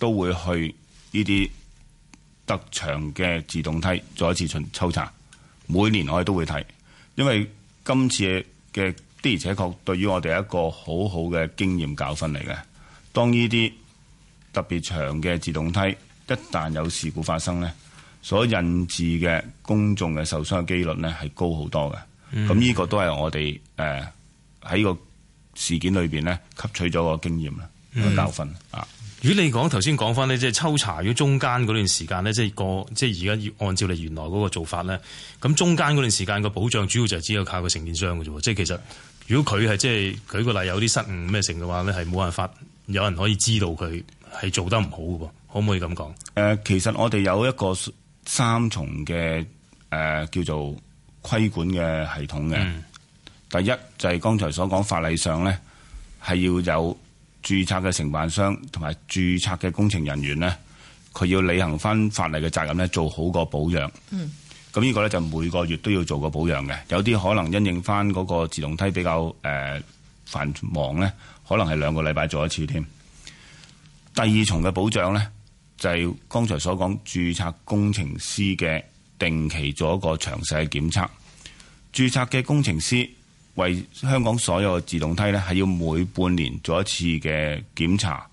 都會去呢啲。特長嘅自動梯再一次巡抽查，每年我哋都會睇，因為今次嘅的而且確對於我哋一個很好好嘅經驗教訓嚟嘅。當呢啲特別長嘅自動梯一旦有事故發生呢，所引致嘅公眾嘅受傷嘅機率呢係高好多嘅。咁呢個都係我哋誒喺個事件裏邊咧吸取咗個經驗啦，mm. 教訓啊！如果你講頭先講返咧，即係抽查咗中間嗰段時間咧，即係個即係而家要按照你原來嗰個做法咧，咁中間嗰段時間個保障主要就係只有靠個承建商㗎啫喎。即係其實如果佢係即係舉個例有啲失誤咩成嘅話咧，係冇辦法有人可以知道佢係做得唔好㗎噃、嗯，可唔可以咁講？誒，其實我哋有一個三重嘅誒、呃、叫做規管嘅系統嘅、嗯。第一就係、是、剛才所講法例上咧，係要有。註冊嘅承辦商同埋註冊嘅工程人員呢，佢要履行翻法例嘅責任呢，做好個保養。嗯。咁呢個呢，就每個月都要做個保養嘅，有啲可能因應翻嗰個自動梯比較誒繁忙呢，可能係兩個禮拜做一次添。第二重嘅保障呢，就係剛才所講註冊工程師嘅定期做一個詳細嘅檢測，註冊嘅工程師。為香港所有的自動梯咧，係要每半年做一次嘅檢查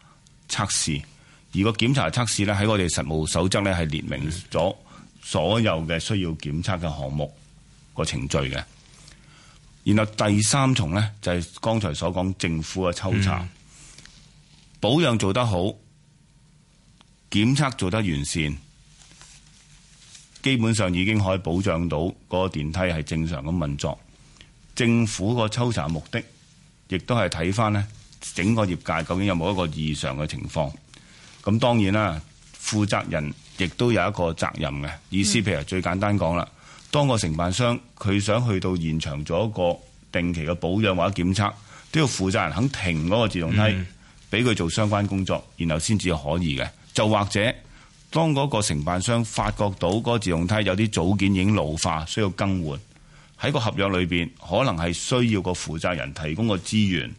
測試。而個檢查測試咧，喺我哋實務守則咧係列明咗所有嘅需要檢測嘅項目、個程序嘅。然後第三重呢，就係剛才所講政府嘅抽查，保養做得好，檢測做得完善，基本上已經可以保障到嗰個電梯係正常咁運作。政府個抽查目的，亦都係睇翻呢整個業界究竟有冇一個異常嘅情況。咁當然啦，負責人亦都有一個責任嘅意思。譬如最簡單講啦，當個承辦商佢想去到現場做一個定期嘅保養或者檢測，都要負責人肯停嗰個自動梯，俾佢做相關工作，然後先至可以嘅。就或者當嗰個承辦商發覺到嗰個自動梯有啲組件已經老化，需要更換。喺個合約裏面，可能係需要個負責人提供個資源，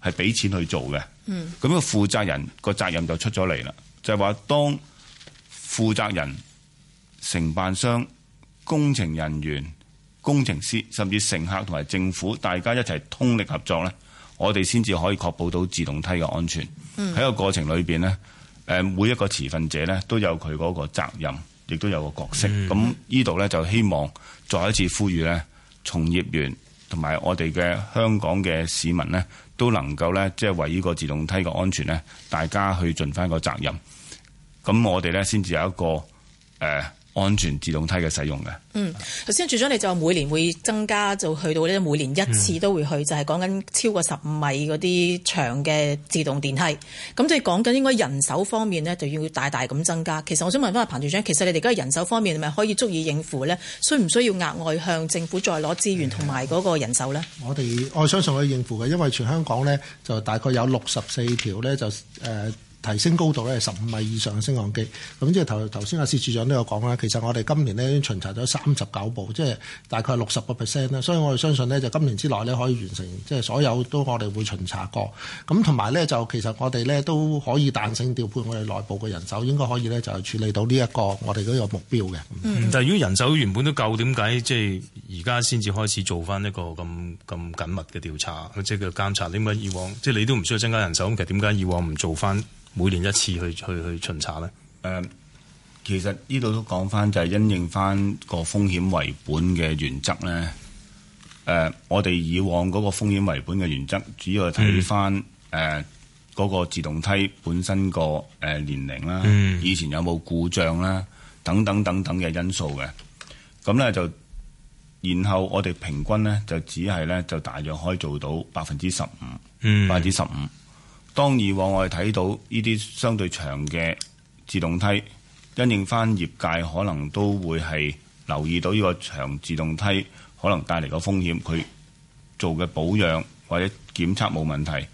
係俾錢去做嘅。嗯。咁個負責人個責任就出咗嚟啦。就係、是、話當負責人、承辦商、工程人員、工程師，甚至乘客同埋政府，大家一齊通力合作呢，我哋先至可以確保到自動梯嘅安全。嗯。喺個過程裏面呢，誒每一個持份者呢，都有佢嗰個責任，亦都有個角色。嗯。咁呢度呢，就希望再一次呼籲呢，從業員同埋我哋嘅香港嘅市民呢，都能夠呢，即係為呢個自動梯嘅安全呢，大家去盡翻個責任，咁我哋呢，先至有一個、呃安全自動梯嘅使用嘅。嗯，頭先署長你就每年會增加，就去到每年一次都會去，嗯、就係講緊超過十五米嗰啲長嘅自動電梯。咁即係講緊應該人手方面呢，就要大大咁增加。其實我想問翻阿彭署長，其實你哋而家人手方面係咪可以足以應付呢？需唔需要額外向政府再攞資源同埋嗰個人手呢？嗯、我哋我相信可以應付嘅，因為全香港呢，就大概有六十四條呢。就、呃提升高度咧，十五米以上嘅升降機。咁即係頭頭先阿薛署長都有講啦。其實我哋今年呢，巡查咗三十九部，即係大概六十個 percent 啦。所以我哋相信呢，就今年之內呢，可以完成，即係所有都我哋會巡查過。咁同埋呢，就其實我哋呢，都可以彈性調配我哋內部嘅人手，應該可以呢，就處理到呢、這、一個我哋嗰個目標嘅、嗯嗯。但係如果人手原本都夠，點解即係而家先至開始做翻一個咁咁緊密嘅調查，即係嘅監察？點解以往即係、就是、你都唔需要增加人手？咁其實點解以往唔做翻？每年一次去去巡查呢。誒、呃，其實呢度都講翻就係、是、因應翻、呃、個風險為本嘅原則呢。誒，我哋以往嗰個風險為本嘅原則，主要係睇翻誒嗰個自動梯本身個誒年齡啦、嗯，以前有冇故障啦，等等等等嘅因素嘅。咁呢，就，然後我哋平均呢，就只係呢，就大約可以做到百分之十五，百分之十五。當以往我哋睇到呢啲相對長嘅自動梯，因應翻業界可能都會係留意到呢個長自動梯可能帶嚟嘅風險，佢做嘅保養或者檢測冇問題，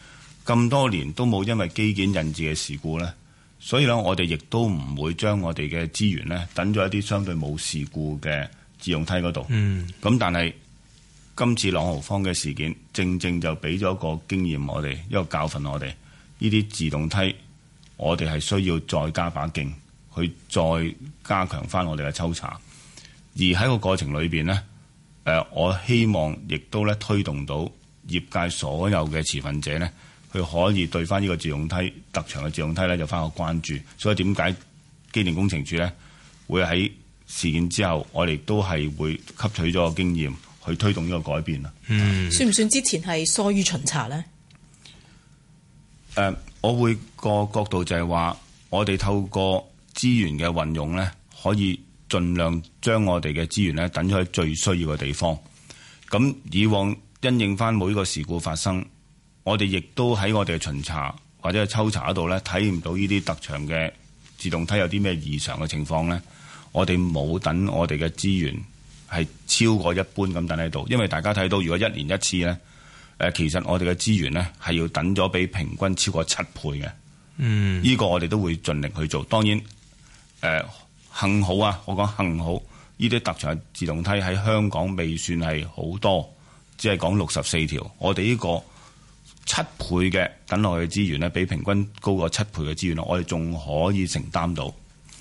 咁多年都冇因為基建引致嘅事故呢，所以呢，我哋亦都唔會將我哋嘅資源呢等咗一啲相對冇事故嘅自動梯嗰度。嗯。咁但係今次朗豪坊嘅事件，正正就俾咗個經驗我哋一個教訓我哋。呢啲自動梯，我哋係需要再加把勁，去再加強翻我哋嘅抽查。而喺個過程裏邊呢，誒、呃，我希望亦都咧推動到業界所有嘅持份者呢，佢可以對翻呢個自動梯、特長嘅自動梯咧，就翻個關注。所以點解機電工程署呢，會喺事件之後，我哋都係會吸取咗個經驗，去推動呢個改變啦。嗯，算唔算之前係疏於巡查呢？誒，我會個角度就係話，我哋透過資源嘅運用，呢可以盡量將我哋嘅資源呢，等去最需要嘅地方。咁以往因應翻每一個事故發生，我哋亦都喺我哋嘅巡查或者係抽查度呢，睇唔到呢啲特長嘅自動梯有啲咩異常嘅情況呢，我哋冇等我哋嘅資源係超過一般咁，等喺度，因為大家睇到如果一年一次呢。誒，其實我哋嘅資源咧係要等咗比平均超過七倍嘅。嗯，依、呢個我哋都會盡力去做。當然誒、呃，幸好啊，我講幸好，呢啲特長自動梯喺香港未算係好多，只係講六十四條。我哋呢個七倍嘅等落去嘅資源咧，比平均高過七倍嘅資源我哋仲可以承擔到。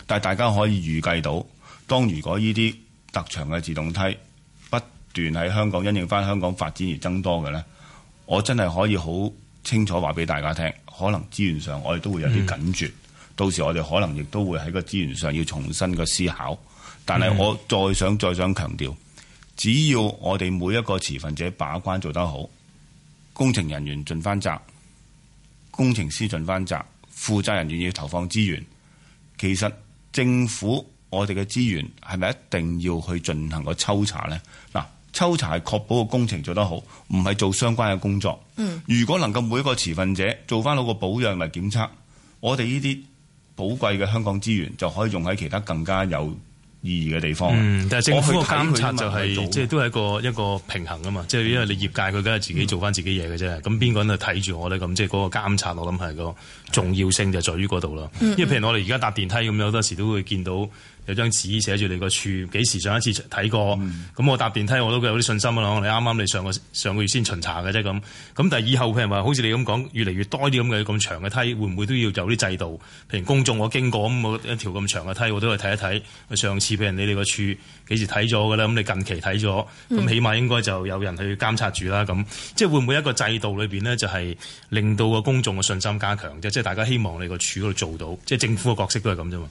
但大家可以預計到，當如果呢啲特長嘅自動梯不斷喺香港因應翻香港發展而增多嘅呢。我真係可以好清楚話俾大家聽，可能資源上我哋都會有啲緊絕，嗯、到時我哋可能亦都會喺個資源上要重新個思考。但係我再想再想強調，只要我哋每一個持份者把關做得好，工程人員盡翻責，工程師盡翻責，負責人員要投放資源，其實政府我哋嘅資源係咪一定要去進行個抽查呢？嗱。抽查係確保個工程做得好，唔係做相關嘅工作。嗯。如果能夠每一個持份者做翻好個保養同埋檢測，我哋呢啲寶貴嘅香港資源就可以用喺其他更加有意義嘅地方。但係政府嘅監察就係即係都係一個一個平衡啊嘛，即係因為你業界佢梗係自己做翻自己嘢嘅啫。咁邊個人睇住我咧？咁即係嗰個監察，我諗係個重要性就係在於嗰度囉。因為譬如我哋而家搭電梯咁樣，有好多時都會見到。有張紙寫住你個署幾時上一次睇過，咁、嗯、我搭電梯我都有啲信心咯。我哋啱啱你上個上個月先巡查嘅啫，咁咁但係以後譬如話，好似你咁講，越嚟越多啲咁嘅咁長嘅梯，會唔會都要有啲制度？譬如公眾我經過咁，一條咁長嘅梯我都去睇一睇。上次譬如你哋個署幾時睇咗嘅咧？咁你近期睇咗，咁、嗯、起碼應該就有人去監察住啦。咁即係會唔會一個制度裏邊呢，就係令到個公眾嘅信心加強？即係即係大家希望你個署嗰度做到，即係政府嘅角色都係咁啫嘛。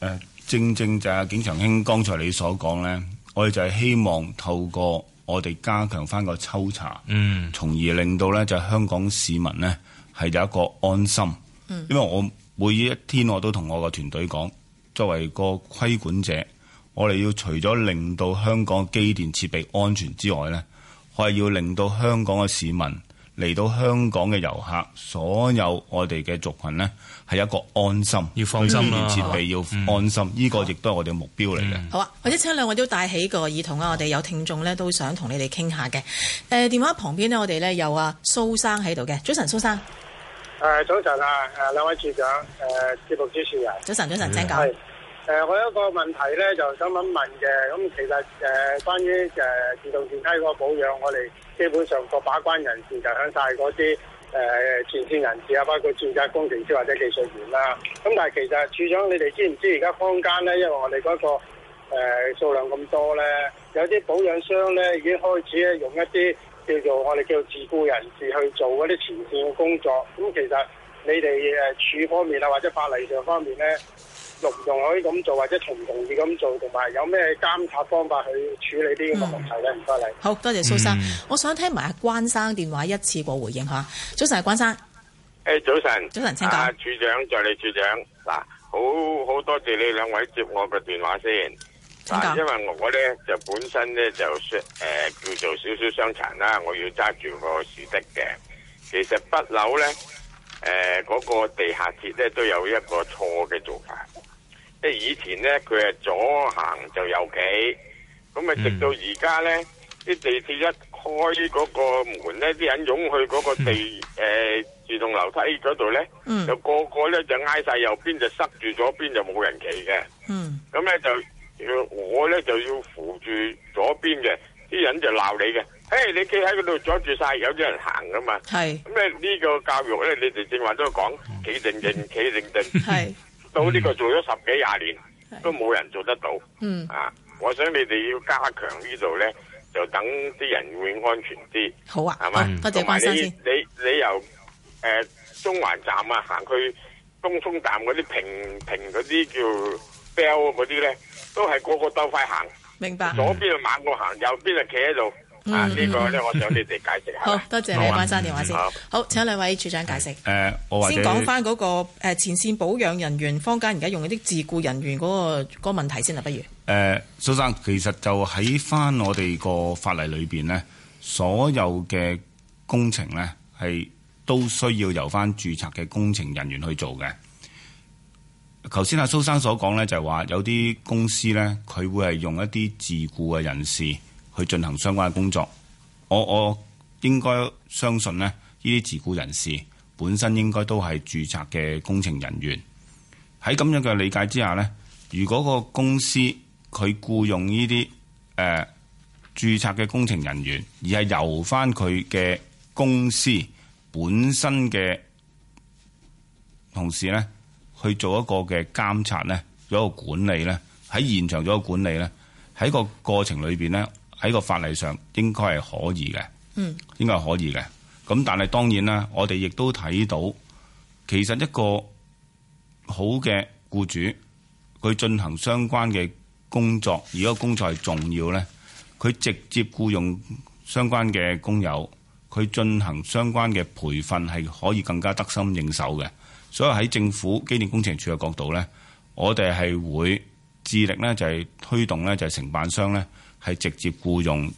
誒、嗯。正正就係景祥兄剛才你所講呢，我哋就係希望透過我哋加強翻個抽查，嗯，從而令到呢就香港市民呢係有一個安心。因為我每一天都我都同我個團隊講，作為個規管者，我哋要除咗令到香港機電設備安全之外呢，我係要令到香港嘅市民、嚟到香港嘅遊客、所有我哋嘅族群呢，係一個安心，要放心咯。設備要安心，呢、嗯呢個亦都係我哋嘅目標嚟嘅、嗯。好啊，或者請兩位都帶起個耳筒啊、嗯。我哋有聽眾咧都想同你哋傾下嘅。誒、呃、電話旁邊咧，我哋咧有阿蘇生喺度嘅。早晨，蘇生。誒早晨啊！誒兩位署長，誒節目主持人、啊。早晨，早晨，請、嗯、講。誒、呃，我有一個問題咧，就是、想問問嘅。咁其實誒、呃、關於誒、呃、自動電梯嗰個保養，我哋基本上個把關人士就喺晒嗰啲。.誒、呃、前線人士啊，包括專家、工程師或者技術員啦。咁但係其實處長，你哋知唔知而家坊間咧，因為我哋嗰、那個誒、呃、數量咁多咧，有啲保養商咧已經開始咧用一啲叫做我哋叫做自僱人士去做嗰啲前線嘅工作。咁其實你哋誒處方面啊，或者法例上方面咧。容唔容許咁做，或者同唔同意咁做，同埋有咩監察方法去處理呢咁嘅問題咧？唔該你，好多謝，謝蘇生、嗯，我想聽埋關生電話一次過回應吓。早晨，關生。誒、hey，早晨。早晨，請講、啊。署長助理署長嗱，好好多謝你兩位接我嘅電話先。真㗎。因為我咧就本身咧就誒、呃、叫做少少傷殘啦，我要揸住個士的嘅。其實不嬲咧。誒、呃，嗰、那個地下鐵咧，都有一個錯嘅做法，即係以前咧，佢係左行就右企，咁啊，直到而家咧，啲地鐵一開嗰個門咧，啲人湧去嗰個地誒、嗯呃、自動樓梯嗰度咧，就個個咧就挨晒右邊，就塞住左邊就冇人企嘅，咁、嗯、咧就我咧就要扶住左邊嘅，啲人就鬧你嘅。誒、hey,，你企喺嗰度阻住晒，有啲人行噶嘛？係。咁、你、呢個教育咧，你哋正話都講，企定定，企定定。係。到呢個做咗十幾廿年，都冇人做得到。嗯。啊，我想你哋要加強呢度咧，就等啲人會安全啲。好啊。係嘛？多謝同埋你你,你由誒、呃、中環站啊行去東涌站嗰啲平平嗰啲叫標嗰啲咧，都係個個都快行。明白。左邊就猛過行、嗯，右邊就企喺度。呢、嗯啊，這個咧，我想你哋解釋下。 好多謝你。關生電話先。嗯、好，請兩位處長解釋。誒、呃，我先講翻嗰個誒前線保養人員坊間，而家用一啲自雇人員嗰、那個、那個問題先啦，不如？誒、呃，蘇生，其實就喺翻我哋個法例裏邊呢，所有嘅工程呢，係都需要由翻註冊嘅工程人員去做嘅。頭先阿蘇生所講呢，就話有啲公司呢，佢會係用一啲自雇嘅人士。去進行相關嘅工作，我我應該相信呢，呢啲自僱人士本身應該都係註冊嘅工程人員。喺咁樣嘅理解之下呢，如果個公司佢僱用呢啲誒註冊嘅工程人員，而係由翻佢嘅公司本身嘅同事呢，去做一個嘅監察呢，做一個管理呢，喺現場做一個管理呢，喺個過程裏邊呢。喺個法例上應該係可以嘅，嗯，應該係可以嘅。咁但係當然啦，我哋亦都睇到，其實一個好嘅僱主，佢進行相關嘅工作，而嗰個工作係重要呢，佢直接僱傭相關嘅工友，佢進行相關嘅培訓係可以更加得心應手嘅。所以喺政府機電工程署嘅角度呢，我哋係會致力呢，就係推動呢，就係承辦商呢。係直接僱用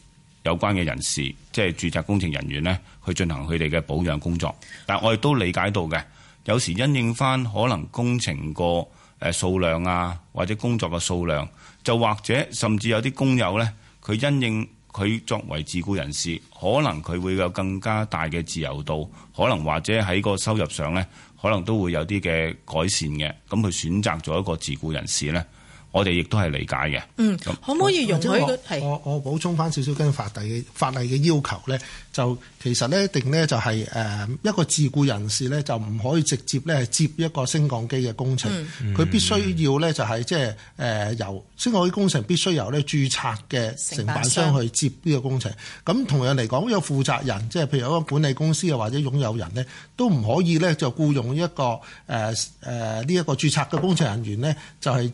有關嘅人士，即係住宅工程人員呢，去進行佢哋嘅保養工作。但我亦都理解到嘅，有時因應翻可能工程個誒數量啊，或者工作嘅數量，就或者甚至有啲工友呢，佢因應佢作為自僱人士，可能佢會有更加大嘅自由度，可能或者喺個收入上呢，可能都會有啲嘅改善嘅。咁佢選擇咗一個自僱人士呢。我哋亦都係理解嘅。嗯，可唔可以容許？我我，我補充返少少跟法例嘅法例嘅要求咧，就其實一定咧就係誒一個自僱人士咧，就唔可以直接咧接一個升降機嘅工程。佢、嗯、必須要咧就係即係由升降機工程必須由咧註冊嘅承辦商去接呢個工程。咁同樣嚟講，有負責人，即係譬如有一個管理公司啊，或者擁有人咧，都唔可以咧就僱用一個誒誒呢一個註冊嘅工程人員咧、就係，就係。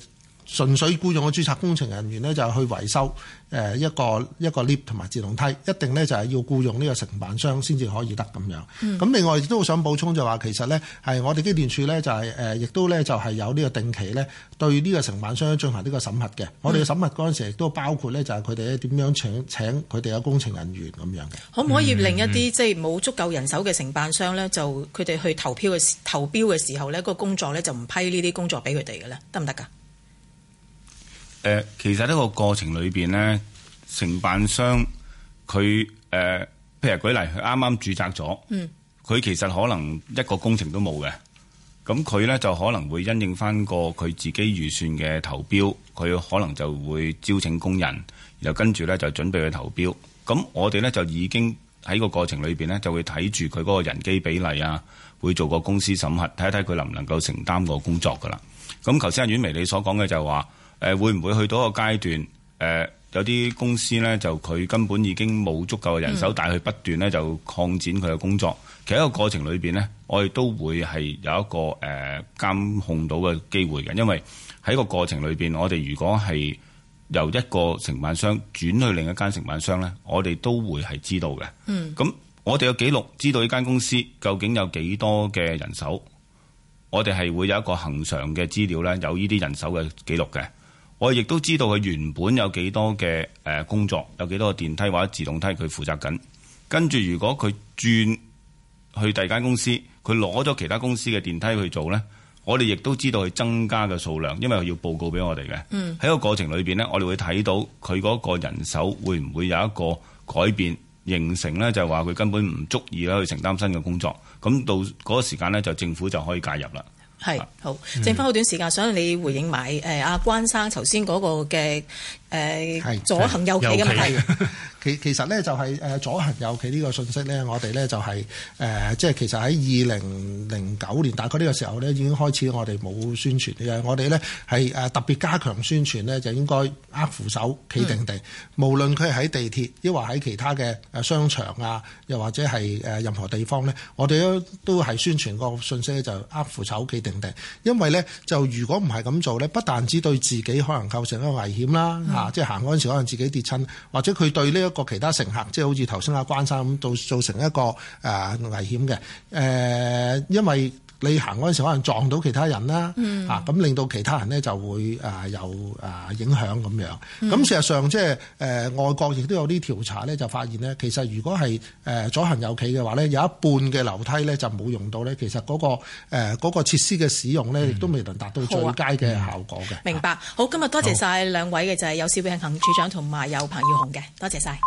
純粹僱用嘅註冊工程人員呢，就去維修誒一個一個 lift 同埋自動梯，一定呢，就係要僱用呢個承辦商先至可以得咁樣。咁、嗯、另外亦都想補充就話，其實呢，係我哋機電署呢，就係誒，亦都呢，就係有呢個定期呢，對呢個承辦商進行呢個審核嘅、嗯。我哋嘅審核嗰陣時亦都包括呢，就係佢哋咧點樣請請佢哋嘅工程人員咁樣嘅。可唔可以另一啲、嗯、即係冇足夠人手嘅承辦商呢，就佢哋去投票嘅時，投標嘅時候呢，個工作呢，就唔批呢啲工作俾佢哋嘅咧，得唔得噶？誒、呃，其實呢個過程裏邊呢，承辦商佢誒、呃，譬如舉例，佢啱啱注冊咗，佢、嗯、其實可能一個工程都冇嘅。咁佢呢，就可能會因應翻個佢自己預算嘅投標，佢可能就會招請工人，然後跟住呢，就準備去投標。咁我哋呢，就已經喺個過程裏邊呢，就會睇住佢嗰個人機比例啊，會做個公司審核，睇一睇佢能唔能夠承擔個工作噶啦。咁頭先阿婉薇你所講嘅就係話。誒會唔會去到一個階段？誒有啲公司呢，就佢根本已經冇足夠嘅人手，嗯、但佢不斷呢就擴展佢嘅工作。其實一個過程裏面呢，我哋都會係有一個誒、呃、監控到嘅機會嘅，因為喺個過程裏面，我哋如果係由一個承辦商轉去另一間承辦商呢，我哋都會係知道嘅。咁、嗯、我哋嘅記錄知道呢間公司究竟有幾多嘅人手，我哋係會有一個恒常嘅資料呢，有呢啲人手嘅記錄嘅。我亦都知道佢原本有幾多嘅誒工作，有幾多個電梯或者自動梯佢負責緊。跟住如果佢轉去第二間公司，佢攞咗其他公司嘅電梯去做咧，我哋亦都知道佢增加嘅數量，因為佢要報告俾我哋嘅。喺、嗯、個過程裏邊咧，我哋會睇到佢嗰個人手會唔會有一個改變形成咧，就係話，佢根本唔足以去承擔新嘅工作。咁到嗰個時間咧，就政府就可以介入啦。係，好，剩返好短時間，想你回應埋誒阿關生頭先嗰個嘅。誒、呃、左行右企嘅問題，其其實咧就係誒左行右企呢個信息咧，我哋咧就係誒即係其實喺二零零九年，大概呢個時候咧已經開始我們沒有宣，我哋冇宣傳嘅。我哋咧係誒特別加強宣傳咧，就應該握扶手，企定定、嗯。無論佢喺地鐵，抑或喺其他嘅誒商場啊，又或者係誒任何地方咧，我哋都都係宣傳個信息就握扶手，企定定。因為咧就如果唔係咁做咧，不但止對自己可能構成一個危險啦。嗯啊！即係行嗰陣時，可能自己跌親，或者佢對呢一個其他乘客，即係好似頭先阿關生咁，做造成一個誒、呃、危險嘅誒、呃，因為。你行嗰陣時可能撞到其他人啦，嚇咁令到其他人呢就會啊有啊影響咁樣。咁、嗯、事實上即係誒外國亦都有啲調查咧，就發現呢，其實如果係誒左行右企嘅話呢，有一半嘅樓梯咧就冇用到咧，其實嗰、那個誒嗰、呃、設施嘅使用咧亦都未能達到最佳嘅效果嘅、嗯啊嗯。明白。好，今日多謝晒兩位嘅就係、是、有薛永恒處長同埋有彭耀雄嘅，多謝晒。